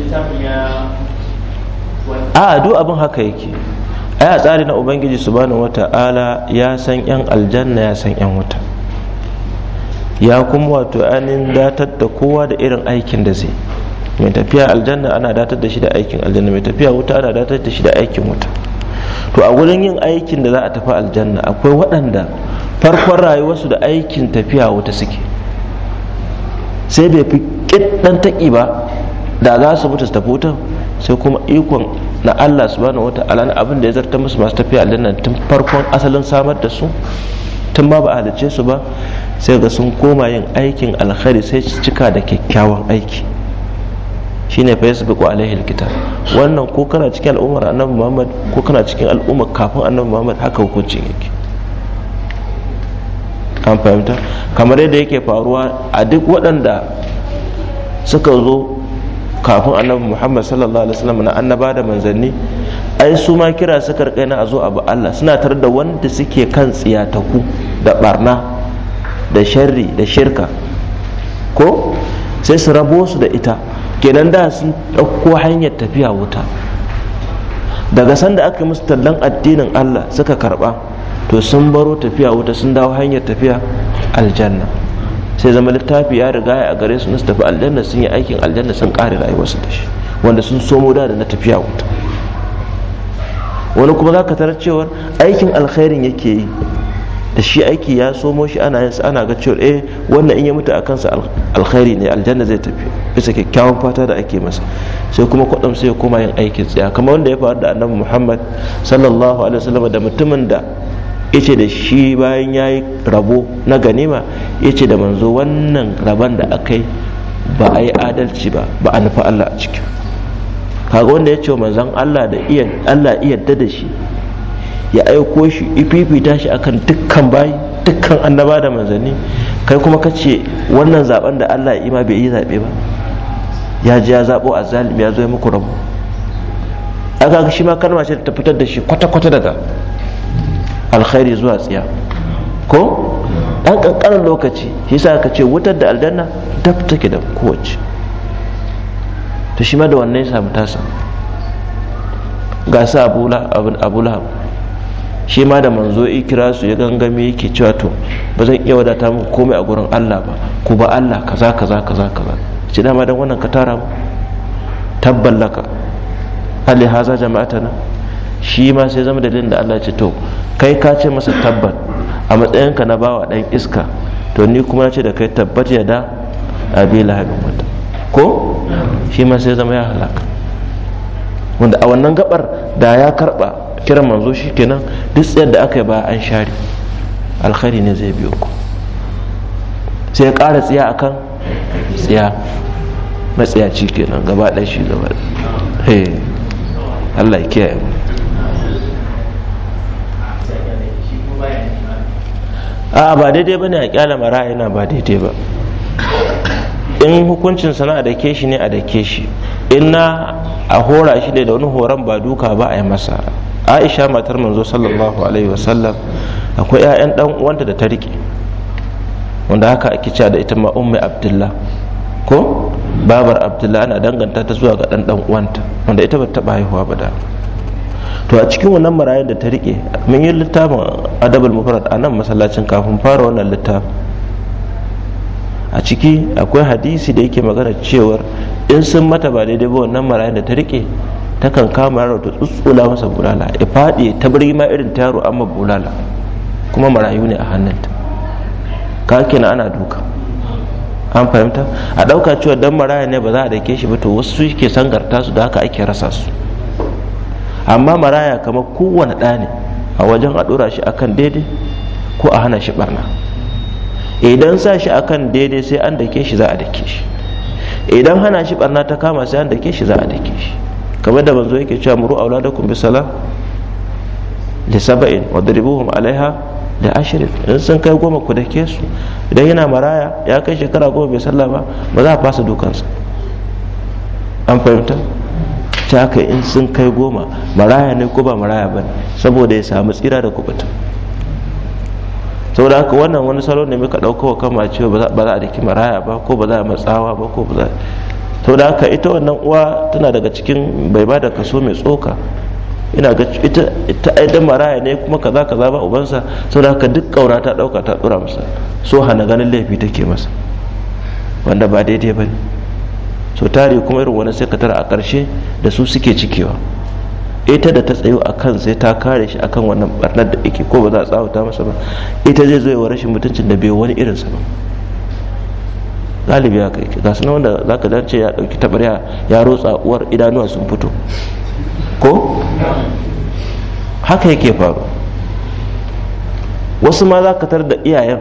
[SPEAKER 1] littafin a duk abin haka yake ai a tsari na ubangiji subhanahu wata'ala ya san yan aljanna ya san yan wuta ya kuma wato anin datar da kowa da irin aikin da zai mai tafiya aljanna ana datar da shi da aikin aljanna mai tafiya wuta ana datar da shi da aikin wuta to a gurin yin aikin da za a tafi aljanna akwai waɗanda farkon rayuwarsu da aikin tafiya wuta suke sai bai fi ɗan taƙi ba da za su mutu su tafi wuta, sai kuma ikon na Allah subhanahu wata'ala na abin da ya zarta musu masu tafiya a aljanna tun farkon asalin samar da su tun ba ba halicce su ba sai ga sun koma yin aikin alkhari sai su cika da kyakkyawan aiki shine fa yasbiqu alaihi alkitab wannan ko kana cikin al'ummar annabi Muhammad ko kana cikin al'ummar kafin annabi Muhammad haka hukuncin yake an fahimta kamar yadda yake faruwa a duk waɗanda suka zo kafin annabi muhammad sallallahu alaihi wasallam na annaba da manzanni ai su ma kira su karkai na a abu allah suna tar da wanda suke kan tsiyataku da barna da sharri da shirka ko sai su rabo su da ita kenan da sun ɗauko hanyar tafiya wuta daga sanda aka musu tallan addinin allah suka karba to sun baro tafiya wuta sun dawo hanyar tafiya aljanna sai zama littafi ya riga a gare su na su tafi aljanna sun yi aikin aljanna sun ƙare rayuwarsu da shi wanda sun somo da na tafiya wuta wani kuma za ka tarar cewar aikin alkhairin yake yi da shi aiki ya somo shi ana yin ana ga cewa eh wannan in ya mutu a kansa alkhairi ne aljanna zai tafi bisa kyakkyawan fata da ake masa sai kuma kwadam sai ya koma yin aikin tsaya kamar wanda ya faru da annabi Muhammad sallallahu alaihi wasallam da mutumin da yace da shi bayan ya yi rabo na ganima yace da manzo wannan rabon da aka yi ba a yi adalci ba ba a nufi Allah a ciki kaga wanda ya ce wa manzan Allah da iya Allah iya da shi ya aiko shi ififita shi akan dukkan bayi dukkan annaba da manzanni kai kuma ka ce wannan zaben da Allah ya ima bai yi zaɓe ba ya ji ya zaɓo a zalim ya zo ya muku rabo aka shi ma kalma ce ta fitar da shi kwata-kwata daga alkhairi zuwa tsiya ko ɗan ƙanƙanin lokaci shi sa ka ce wutar da aljanna dab take da kowace to shi ma da wannan ya samu tasa ga sa abu lahab shi ma da manzo ikira su ya gangami yake cewa to ba zan iya wadata muku komai a gurin Allah ba ko ba Allah kaza kaza kaza kaza ce dama dan wannan ka tara mu tabballaka ali haza jama'atana shi ma sai zama dalilin da Allah ya ce to kai ka ce masa tabbat a matsayinka na bawa ɗan iska to ni kuma na ce da kai tabbat ya da abi lahabin wata ko shi ma sai zama ya halaka wanda a wannan gabar da ya karba kiran manzo shi kenan duk tsayar da aka yi ba an share alkhari ne zai biyo ku sai ya ƙara tsiya akan tsiya matsiyaci kenan gaba ɗaya shi gaba Allah ya kiyaye mu a ba daidai ba ne a kyala mara yana ba daidai ba in hukuncin sana a dake shi ne a dake shi in na a hora shi ne da wani horon ba duka ba a yi masa aisha matar manzo sallallahu alaihi wasallam akwai 'ya'yan dan uwanta da ta rike wanda haka ake cewa da ita ma ummi abdullah ko babar abdullah ana danganta ta zuwa ga dan dan uwanta wanda ita ba ta haihuwa ba da to a cikin wannan marayun da ta rike mun yi littafin adabul mufrad a nan masallacin kafin fara wannan littafin a ciki akwai hadisi da yake magana cewar in sun mata ba daidai ba wannan marayun da ta rike kan kama yaro ta tsutsula masa bulala ya faɗi ta birgi ma irin ta yaro amma bulala kuma marayu ne a hannunta ka kenan ana duka an fahimta a ɗauka cewa dan maraya ne ba za a dake shi ba to wasu ke sangarta su da haka ake rasa su amma maraya kama kowane ɗa ne a wajen a ɗora shi akan daidai ko a hana shi barna idan sa shi akan daidai sai an dake shi za a dake shi idan hana shi barna ta kama sai an dake shi za a dake shi kamar da manzo yake cewa muru kun bi sala li sab'in wadribuhum alaiha da ashirin in sun kai goma ku dake su idan yana maraya ya kai shekara goma bai sallah ba ba za a fasa dukansa an fahimta ta haka in sun kai goma maraya ne ko ba maraya ba saboda ya samu tsira da kubuta saboda haka wannan wani salon ne muka ɗauka wa kama cewa ba za a daki maraya ba ko ba za a matsawa ba ko ba za saboda haka ita wannan uwa tana daga cikin bai ba da kaso mai tsoka ina ga ita ita aidan maraya ne kuma kaza kaza ba ubansa saboda haka duk kaura ta ɗauka ta tsura masa so hana ganin laifi take masa wanda ba daidai ba ne so tare kuma irin wani sai ka tara a ƙarshe da su suke cikewa ita da ta tsayo a kan sai ta kare shi akan wannan barnar da yake ko ba za a tsawata masa ba ita zai zo wa rashin mutuncin da bai wani irin ba galibi ya kai ga sunan wanda za ka dace ya ɗauki tabarya ya rotsa uwar idanuwa sun fito ko haka yake faru wasu ma za ka tar da iyayen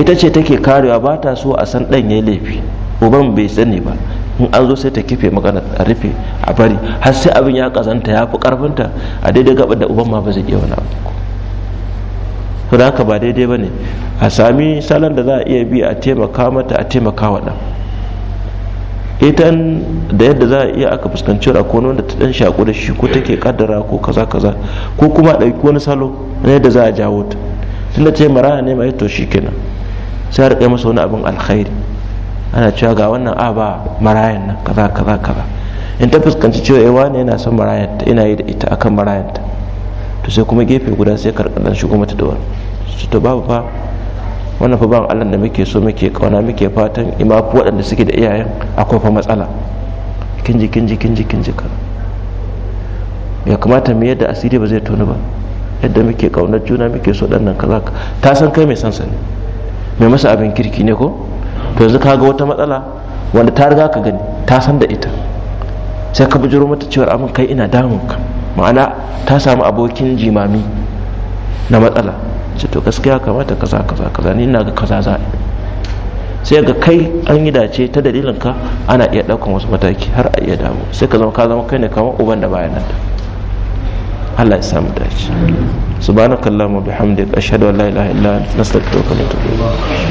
[SPEAKER 1] ita ce take karewa ba ta so a san ɗan ya laifi uban bai sani ba in an zo sai ta kife magana a rufe a bari har sai abin ya kazanta ya fi karfinta a daidai gaba da uban ma ba zai iya wani abu to da haka ba daidai ba ne a sami salon da za a iya bi a taimaka mata a taimaka wa ɗan idan da yadda za a iya aka fuskanci rakon da ta dan shaku da shi ko take kaddara ko kaza kaza ko kuma ɗauki wani salo na yadda za a jawo ta tunda ce mara ne mai to shi kenan sai a riƙe masa wani abin alkhairi ana cewa ga wannan a ba marayan nan kaza kaza kaza in ta fuskanci cewa eh ne yana son marayan ta ina yi da ita akan marayan ta to sai kuma gefe guda sai karkadan shigo mata da wani su to babu fa wannan fa ban Allah da muke so muke kauna muke fatan ima ku waɗanda suke da iyayen akwai fa matsala kinji kinji kinji kinji ka ya kamata mu yadda asiri ba zai tonu ba yadda muke kaunar juna muke so ɗan nan kaza ta san kai mai sansa sani mai masa abin kirki ne ko to yanzu ka ga wata matsala wanda ta riga ka gani ta san da ita sai ka bujuro mata cewar abin kai ina damun ka ma'ana ta samu abokin jimami na matsala ce to gaskiya kamata kaza kaza kaza ni ina ga kaza za sai ga kai an yi dace ta dalilin ka ana iya daukan wasu mataki har a iya damu sai ka zama ka zama kai ne kamar uban da bayanan. nan Allah ya samu dace subhanakallahumma bihamdika ashhadu an la ilaha illa anta astaghfiruka wa atubu